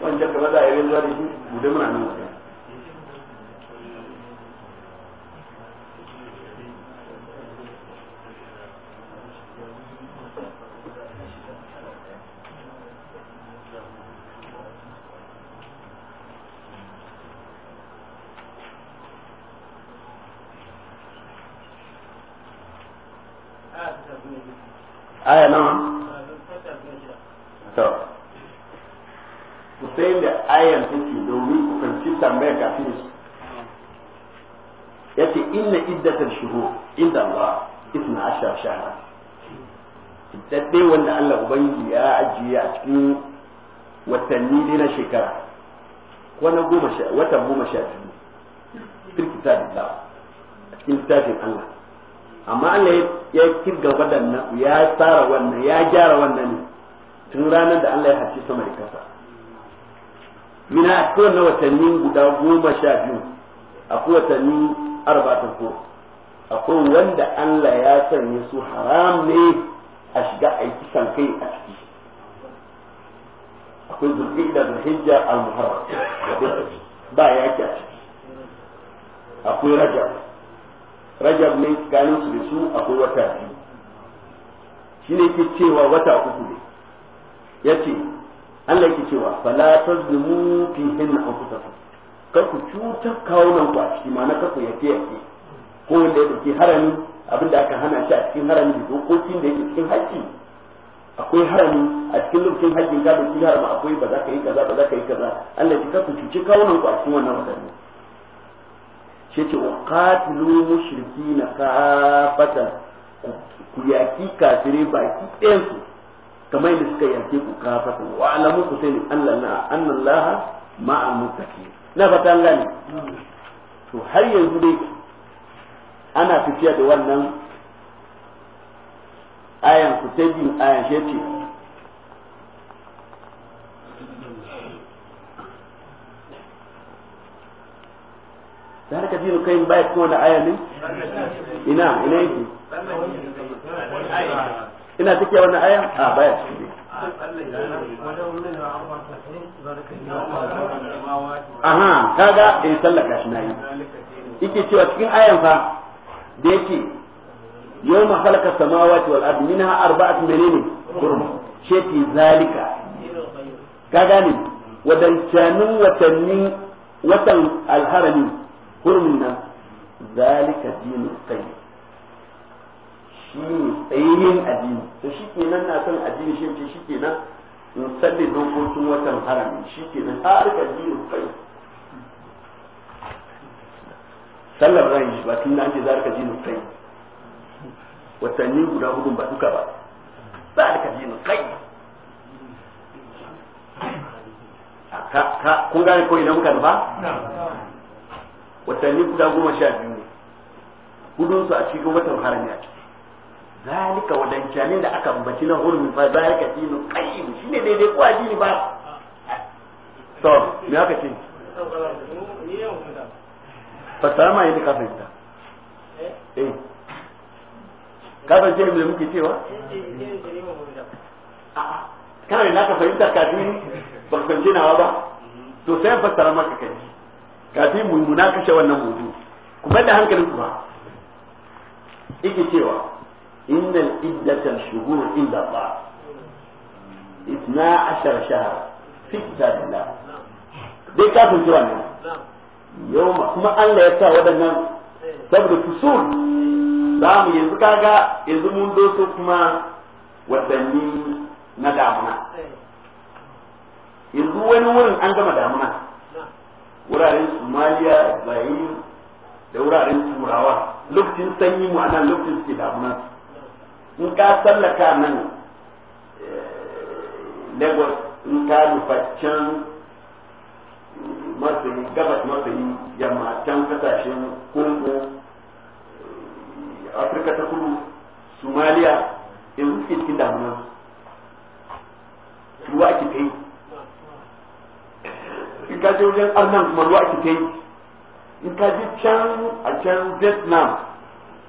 wanda ka ba za a yi rinzuwa da shi bude mu nan aya nawa to ku sai da ayan take domin ku fahimci tambaya kafin shi yace inna iddatal shuhur inda Allah isna ashara shahra daddai wanda Allah ubangi ya ajiye a cikin watanni ne na shekara na goma sha watan goma sha biyu kirkita da a cikin littafin Allah amma Allah ya kirga waɗannan ya tsara wannan ya gyara wannan ne tun ranar da Allah ya haci sama da kasa mina a kowane watanni guda goma sha biyu akwai watanni ko akwai wanda Allah ya sanya su haram ne a shiga aiki san kai a ciki akwai da zulhijja al-muharram ba yaki a ciki akwai rajab rajab ne tsakanin su da su akwai wata biyu shine ke cewa wata uku ne ya ce Allah yake cewa fala tazlimu fi a anfusakum kar ku cutar kawunan ku a ciki ma na kar ku yake yake ko wanda yake harami abinda aka hana shi a cikin harami da dokokin da yake cikin haƙƙi akwai harami a cikin lokacin hajjin ka da cikin harami akwai ba za ka yi kaza ba za ka yi kaza Allah ya kar ku cuci kawunan ku a cikin wannan wata ne shi ce mushriki na kafatan ku yaki kafirai baki ɗayan su kamar yadda suka yaki ku kafatan wa alamu ku sai Allah na annallaha ma'al muttaqin na fata gani to har yanzu dai ana tafiya da wannan ayan ku ta biyu ayan shi ce da haka jinu kai ba ya kowane aya ne ina ina yake ina take wani aya a baya shi aha kaga in eh, sallaka shi nayi yake cewa cikin ayan fa da yake yawma khalaqa samawati wal ardi minha arba'atun menene kurum sheti zalika kaga ne wadancanin watannin watan alharami hurmin nan zalika dinin kai shi ne tsayayyen addini to shi ke nan na son addini shi ce shi ke nan in sadde dokokin watan harami shi ke nan harika dinin kai sallar rayu ba tun na ce zalika dinin kai watanni guda hudun ba duka ba zalika dinin kai ka kun gane ko idan muka nufa watanni guda goma sha biyu ne hudunsu a cikin watan harami a ciki zalika wadancanin da aka ambaci na hurmi fa zalika dinu qayyim shine daidai ko addini ba to me aka ce fasara ma yadda ka fahimta eh, eh. ka ce me muke cewa kana da naka fahimta kafin ba ka ba to sai fasara maka kai kafin mu munakasha wannan mudu ku bar da hankalin ku ba yake cewa innal iddatal shuhur inda Allah itna ashar shahar fi kitabillah dai kafin cewa ne yau kuma Allah ya sa waɗannan saboda kusur za mu yanzu kaga yanzu mun doso kuma watanni na damuna yanzu wani wurin an gama damuna wuraren somaliya ibrahim da wuraren turawa lokacin sanyi mu anan lokacin suke damuna in ka sallaka nan eh, lagos in ka nufa can masayi gabas masayi yamma can kasashen congo eh, afirka ta kudu somaliya in suke cikin damuna su ake ta yi in ka je wajen arnan kuma ruwa ake ta yi in ka je can a can vietnam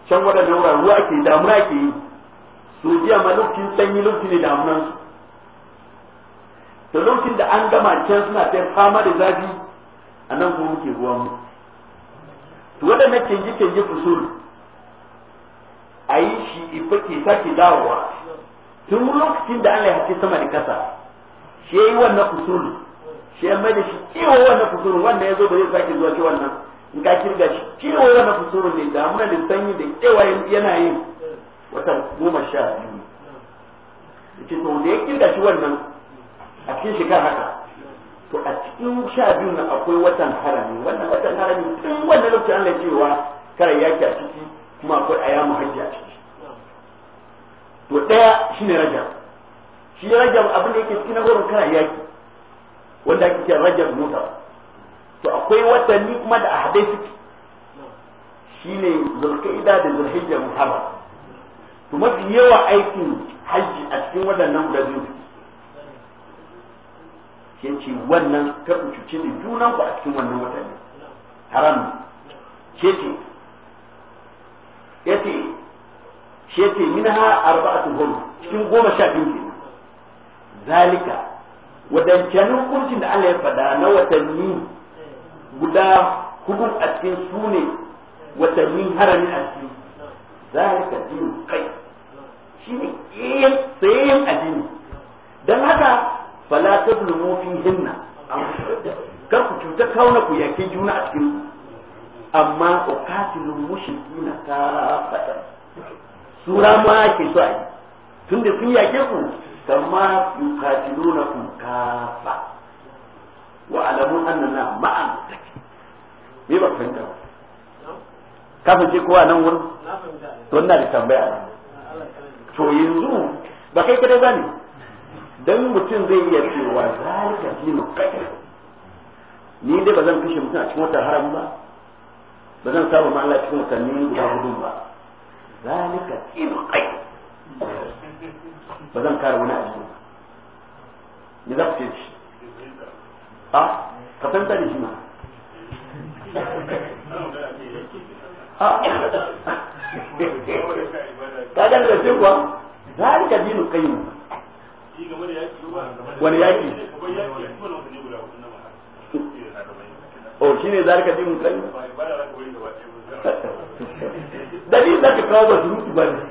can waɗannan wuraren ruwa ake yi damuna ake yi sojiya ma lokacin sanyi lokacin ne damunan su to lokacin da an gama can suna ta fama da zafi a nan kuma muke ruwa mu to waɗannan canje-canje fusul a yi shi ke sake dawowa tun lokacin da an ya sama da kasa shi yi wannan fusul shi ya mai da shi ciwo wannan kusuru wannan ya zo ba zai sake zuwa ci wannan in ka kirga shi ciwo wannan kusuru ne damuna da sanyi da kewa yana yin wata goma sha biyu ce to da ya kirga shi wannan a cikin shekara haka to a cikin sha biyu na akwai watan harami wannan watan harami tun wannan lokacin an cewa kare yaki a ciki kuma akwai ayyamu hajji a ciki to daya shine rajab shi rajab abin da yake cikin gurin kare yaki wanda ake cewa rajab muta to akwai watanni kuma da ahadai suke shine zulqa'ida da zulhijja muharram to mafi yawa aikin hajji a cikin waɗannan guda biyu ke ce wannan ka cuce ne junan ku a cikin wannan watanni haram ce ce yace ce ce ha arba'atu hum cikin goma sha biyu zalika wadancan hukuncin da Allah ya faɗa na watanni guda hudu a cikin su ne watannin harami a cikin za a yi jin kai shi ne tsayayen addini don haka falatar ta zulumu hinna kar ku cuta kauna ku yakin juna a cikin amma ku katilun kina ta fata sura ma ke so a yi tunda sun yake ku kama yuqatilunakum kafa wa alamu annana ma'an me ba fahimta ba kafin ce kowa nan wurin to ina da tambaya to yanzu ba kai kada bane dan mutum zai iya cewa zalika dinu qatl ni dai ba zan kashe mutum a cikin wata ba zan saba ma Allah cikin watanni guda hudu ba zalika dinu qatl ba zan kare wani addini ne za ku ce shi a ka fahimta da shi ma ka gani da ce kuwa zalika dinu qayyim wani yaki o a rika dinu kai dalil da ka kawo ba su rutu ba ne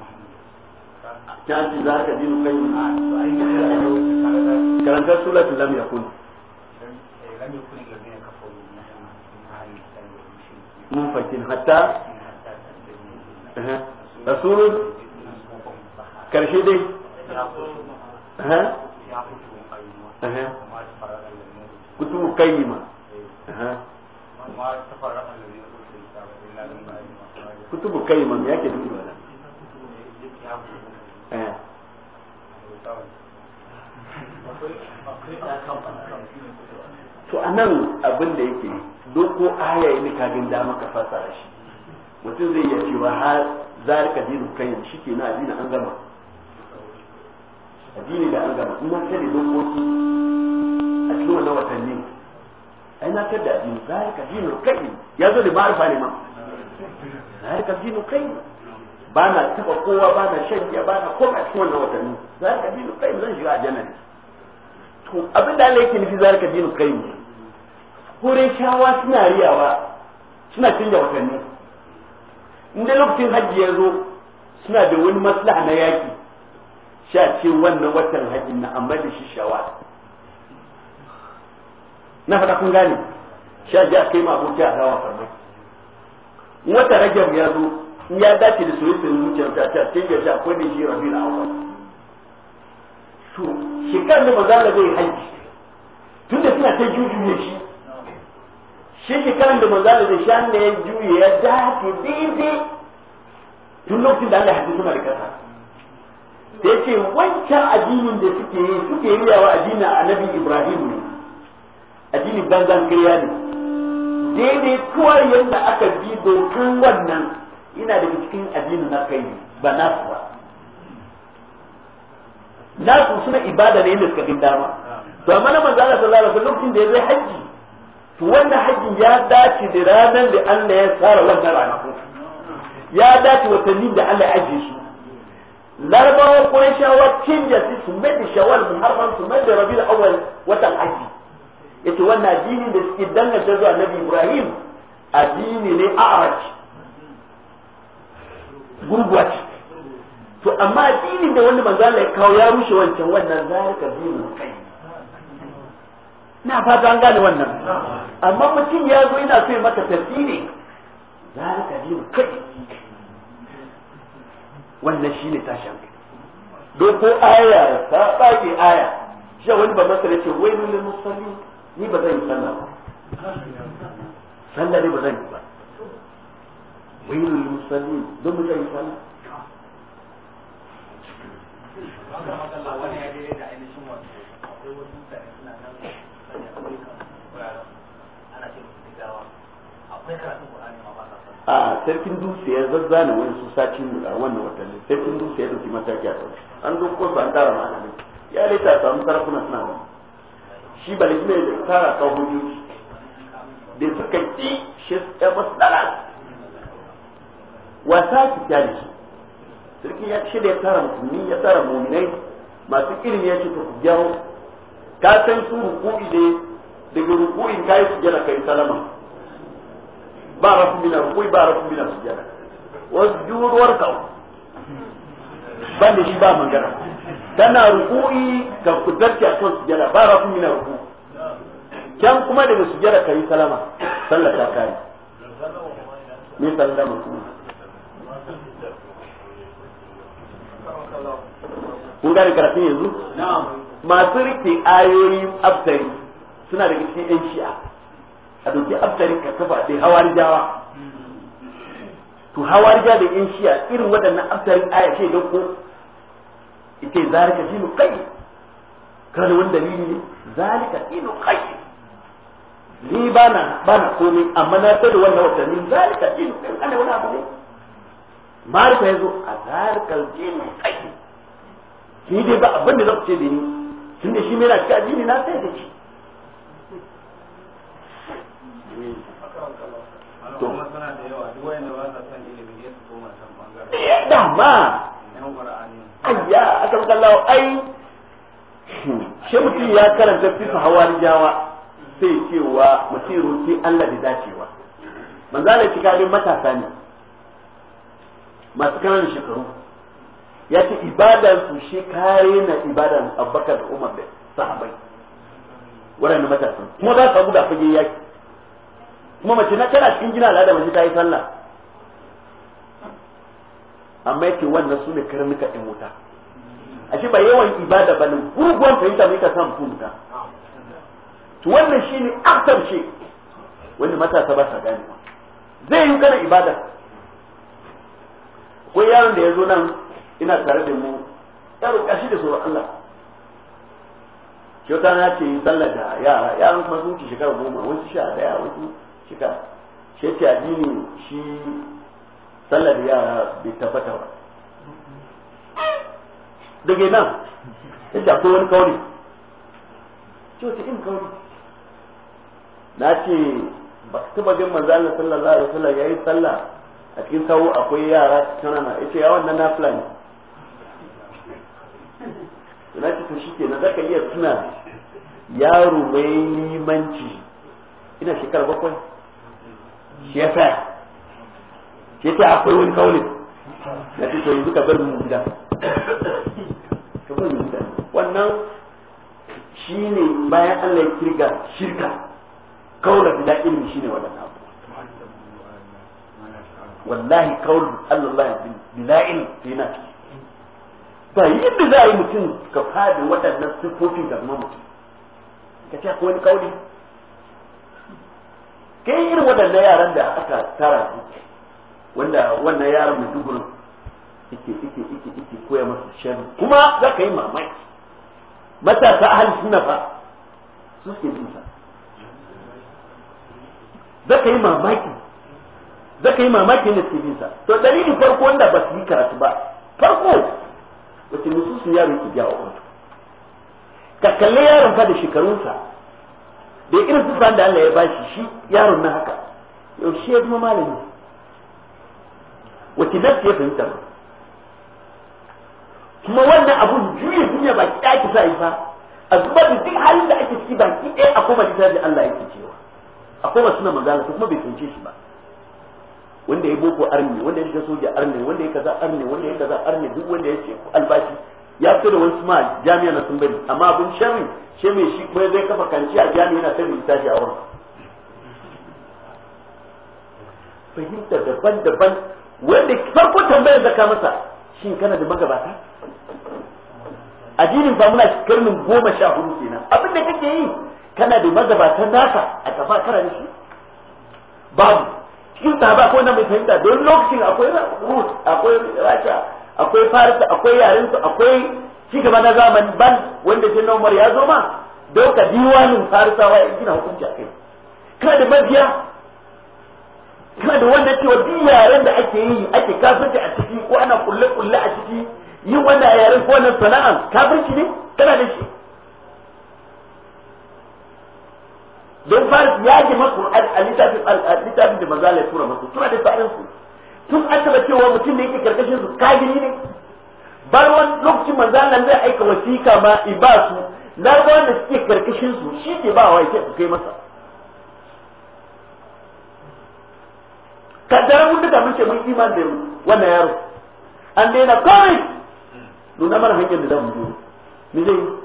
كانت ذاك دين قيم كلام سورة لم يكن لم يكن الذين كفروا من حتى رسول كرشيدي ها ها كتب قيمة كتب قيمة يا كده Eh. to a nan abin da yake doko aya yi ni kagin dama ka fasara shi mutum zai iya cewa har zalika dinu kayan shi ke na addini an gama addini da an gama ina kare dokoki a cikin wannan watanni ai na kare da addini zalika dinu kai ya zo da ma'arifa ne ma zalika dinu kai ba na taba kowa ba na shan giya ba na koma cikin wannan watanni zalika dinu kai zan shiga aljanna ne to abin da Allah yake nufi zalika dinu qayyim kore shawa suna riyawa suna canja watanni inda lokacin hajji ya zo suna da wani maslaha na yaki sha ce wannan watan hajji na amma da shi shawa na faɗa kun gane sha ji a kai ma abokiya rawa farmaki wata rajab ya zo in ya dace da soyayya da zuciyar ta ta cikin ya akwai da shi rabi na awal to kan da maza da zai haji tunda suna ta ne shi shi kan da maza da shi an da ya juye ya dace daidai tun lokacin da Allah haji suna da kasa sai ce wancan addinin da suke yi suke yi yawa addinin annabi Ibrahim ne addinin banzan kiriya ne daidai kawai yadda aka bi dokan wannan ina da cikin addini na kai ba na su ba na su suna ibada ne yadda suka bin dama to amma na manzo Allah sallallahu alaihi wasallam lokacin da ya zai haji to wannan haji ya dace da ranar da Allah ya tsara wannan ranaku ya dace watanni da Allah ya ajiye su larabawa kurashawa canja su su mai da shawar muharram su mai da rabi da awal watan haji yace wannan addinin da suke danganta zuwa nabi Ibrahim addini ne a'raj gurguwa ce to amma addinin da wanda manzo Allah ya kawo ya rushe wancan wannan zalika dinu kai na fata an gane wannan amma mutum ya zo yana so ya maka tafsiri zalika dinu kai wannan shine tashin don ko aya ta bage aya shi wani ba masa yace wai mun musalli ni ba zan yi sallah ba sallah ne ba zan yi ba wailu lil musallin don mu a sarkin dutse ya zazzana wani su sacin a wannan watanni sarkin dutse ya dauki mataki a sauki an zo su an tara malamai ya laita samu sarakuna suna wani shi ba ne da tara kawo hujjoji da suka ki shi ya masu dalal wasa su kyale shi sarki ya shi da ya tara musulmi ya tara muminai masu ilimi ya ce ku gyaro ka san su ruku'i ne daga ruku'in kayi sujada kai salama ba rafu mina ruku'i ba rafu mina sujjada wasu juruwar kawo ban da shi ba magana tana ruku'i ka ku zarce a kan sujada ba rafu mina ruku can kuma daga sujada kai salama sallata ta kare ni sallama kuma kun gane karatun yanzu masu rike ayoyi abdari suna daga cikin yan shi'a a doki abdari ka tafa da hawar jawa to hawar jawa da yan shi'a irin waɗannan abdarin aya ce don ko ita zalika shi mu kai kada wani dalili ne zalika inu kai ni ba na komai amma na tada wannan watanni zalika inu kai kana wani abu ne Marifa ya zo a zarikar jini tsaki shi dai ba abin da za ku ce da ni tun da shi mai na a jini na sai da shi ya eh, dama ayya aka kallawa ai shi mutum ya karanta fi hawar jawa sai cewa mutum roki Allah da dacewa manzala shi kafin matasa ne masu kanan shekaru ya ce ibadan su shi kare na ibadan abubakar da umar da sahabai waɗanda matasan kuma za su samu da fage yaki kuma mace na tana cikin gina al'ada mace ta yi sallah amma yake wannan su ne karnuka ɗin wuta ce ba yawan ibada ba ne gurguwan fahimta mai ka san mutum wuta to wannan ne aftar ce wanda matasa ba sa gane zai yi kana ibada ko yaron da ya zo nan ina tare da mu yaro kashi da tsoron Allah kyauta na ce yi sallar da yara yaran kuma sun ci shekara goma wasu sha daya wasu shika shi ce addini shi sallar da yara bai tabbata ba daga nan ya ce akwai wani kauri ce in kauri na ce ba ka taba jin manzo Allah sallallahu alaihi ya yi sallah a cikin sawu akwai yara na ita ya wannan na fulani ina ce to shike na zaka iya tuna yaro mai limanci ina shekara bakwai shi ya sa shi ya akwai wani kaunin na ce to yanzu ka bar mu gida ka bar mu gida wannan shine bayan Allah ya kirga shirka kaunar da ilimi ne wannan abu wallahi kawar Allah bin ilm ba yadda za a yi mutum ka fada waɗannan siffofin da kuma mutum ka ce akwai wani kauli kai irin waɗannan yaran da aka tara su wanda wannan yaran mai dubur ike ike ike ike koya masa sharri kuma za ka yi mamaki matasa ahal suna fa su ke jinsa za ka yi mamaki zaka yi mamakin da suke bin sa to dalilin farko wanda ba su yi karatu ba farko wace nususu yaro yake jawo wato ka kalle yaron fa da shekarunsa da irin sufan da Allah ya bashi shi yaron na haka yaushe ya zama malami wace nafsi ya fahimta ba kuma wannan abun juya duniya ba ki ake sa fa a zubar da duk halin da ake ciki ki ɗaya a kuma da Allah yake cewa a kuma suna manzala kuma bai fahimce shi ba wanda ya boko arni wanda ya shiga soja arni wanda ya kaza arni wanda ya kaza arni duk wanda ya ce albashi ya fito da wani ma jami'a na sumbari amma abin sharri shi mai shi kuma zai kafa kanci a jami'a na sani ita tashi a wurin fahimta daban-daban wanda farko tambayar da ka masa shin kana da magabata addinin fa muna karnin goma sha hudu kenan abin da kake yi kana da magabata naka a kafa kara da shi babu cikin sahaba akwai wanda mai fahimta don lokacin akwai rut akwai rasha akwai farisa akwai yaren su akwai cigaba na zaman ban wanda sai na umar ya zo ma dauka diwanin farisawa ya gina hukunci a kai kana da mabiya kana da wanda cewa duk yaren da ake yi ake kafirci a ciki ko ana kulle kulle a ciki yin wanda yaren ko wannan sana'an kafirci ne kana da shi don faris ya ji maku a littafin da maza ya tura maku tura da tsarin su tun an taba cewa mutum da yake karkashin su kagiri ne bar wani lokacin maza nan zai aika wasiƙa ma ibasu su na wanda suke karkashin su shi ke ba wa su kai masa kaddara wanda ta mun ce mun iman da wannan yaro an daina kawai nuna mana hanyar da zamu zo mu zai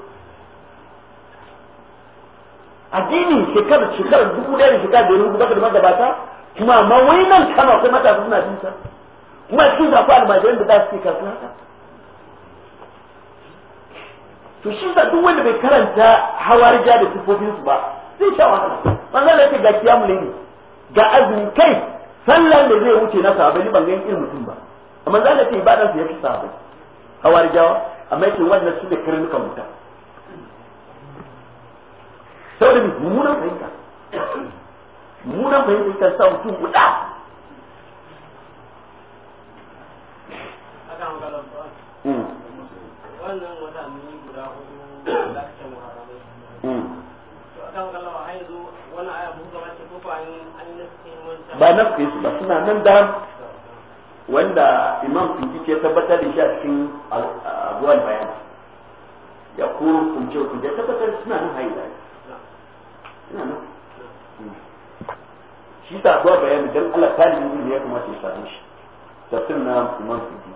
addini shekarar shekarar dubu daya da shekarar da ya rubuta da magabata kuma amma wai nan kano akwai matasa suna bin sa kuma da zafi almajiran da za su ke kasu haka to shi da duk wanda bai karanta hawarja da su ba zai sha wahala manzan da yake ga kiyamu ne ga azumi kai sallan da zai wuce na sahabai ni ban ga irin mutum ba amma zan da yake ibadan su yafi sahabai hawarjawa amma yake wannan su da karnukan mutum saboda mu mummunan fahimta mummunan fahimta kan sa mutum guda ba hmm. na hmm. su ba suna nan da wanda imam finkiki ce tabbatar da shi a cikin abuwan bayan ya kuru kunce kunce tabbatar suna nan haida shi ta zuwa bayani don Allah talibin ne ya kamata ya same shi tafsir na imam sufi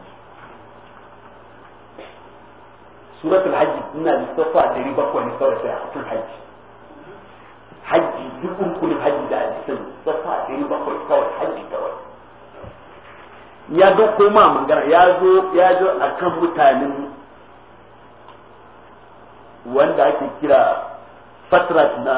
suratul hajji ina lissafa dari bakwai ne kawai sai a hajji hajji hajji duk kulun hajji da hadisin lissafa dari bakwai kawai hajji kawai ya zo koma magana ya zo ya zo akan mutanen wanda ake kira fatrat na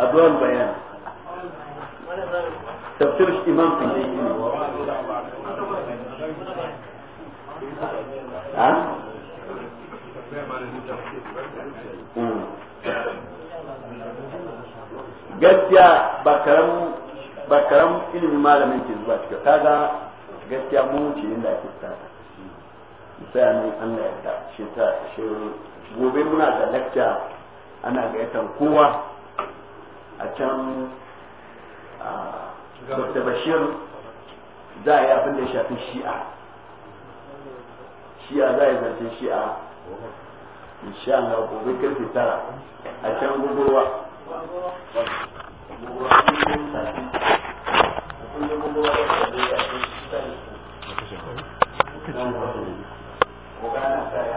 أضواء البيان تفسير الإمام في الدين ها؟ gaskiya ba karam ba karam ilimin malamin ke zuwa cikin kaga gaskiya mu wuce ake tsada sai an ya ta shi ta gobe muna da lakta ana gaitan kowa a can a bashir za a yi abin da shafi shi'a shi'a za a yi zance shi'a insha Allah gobe karfe tara a can gugurwa Thank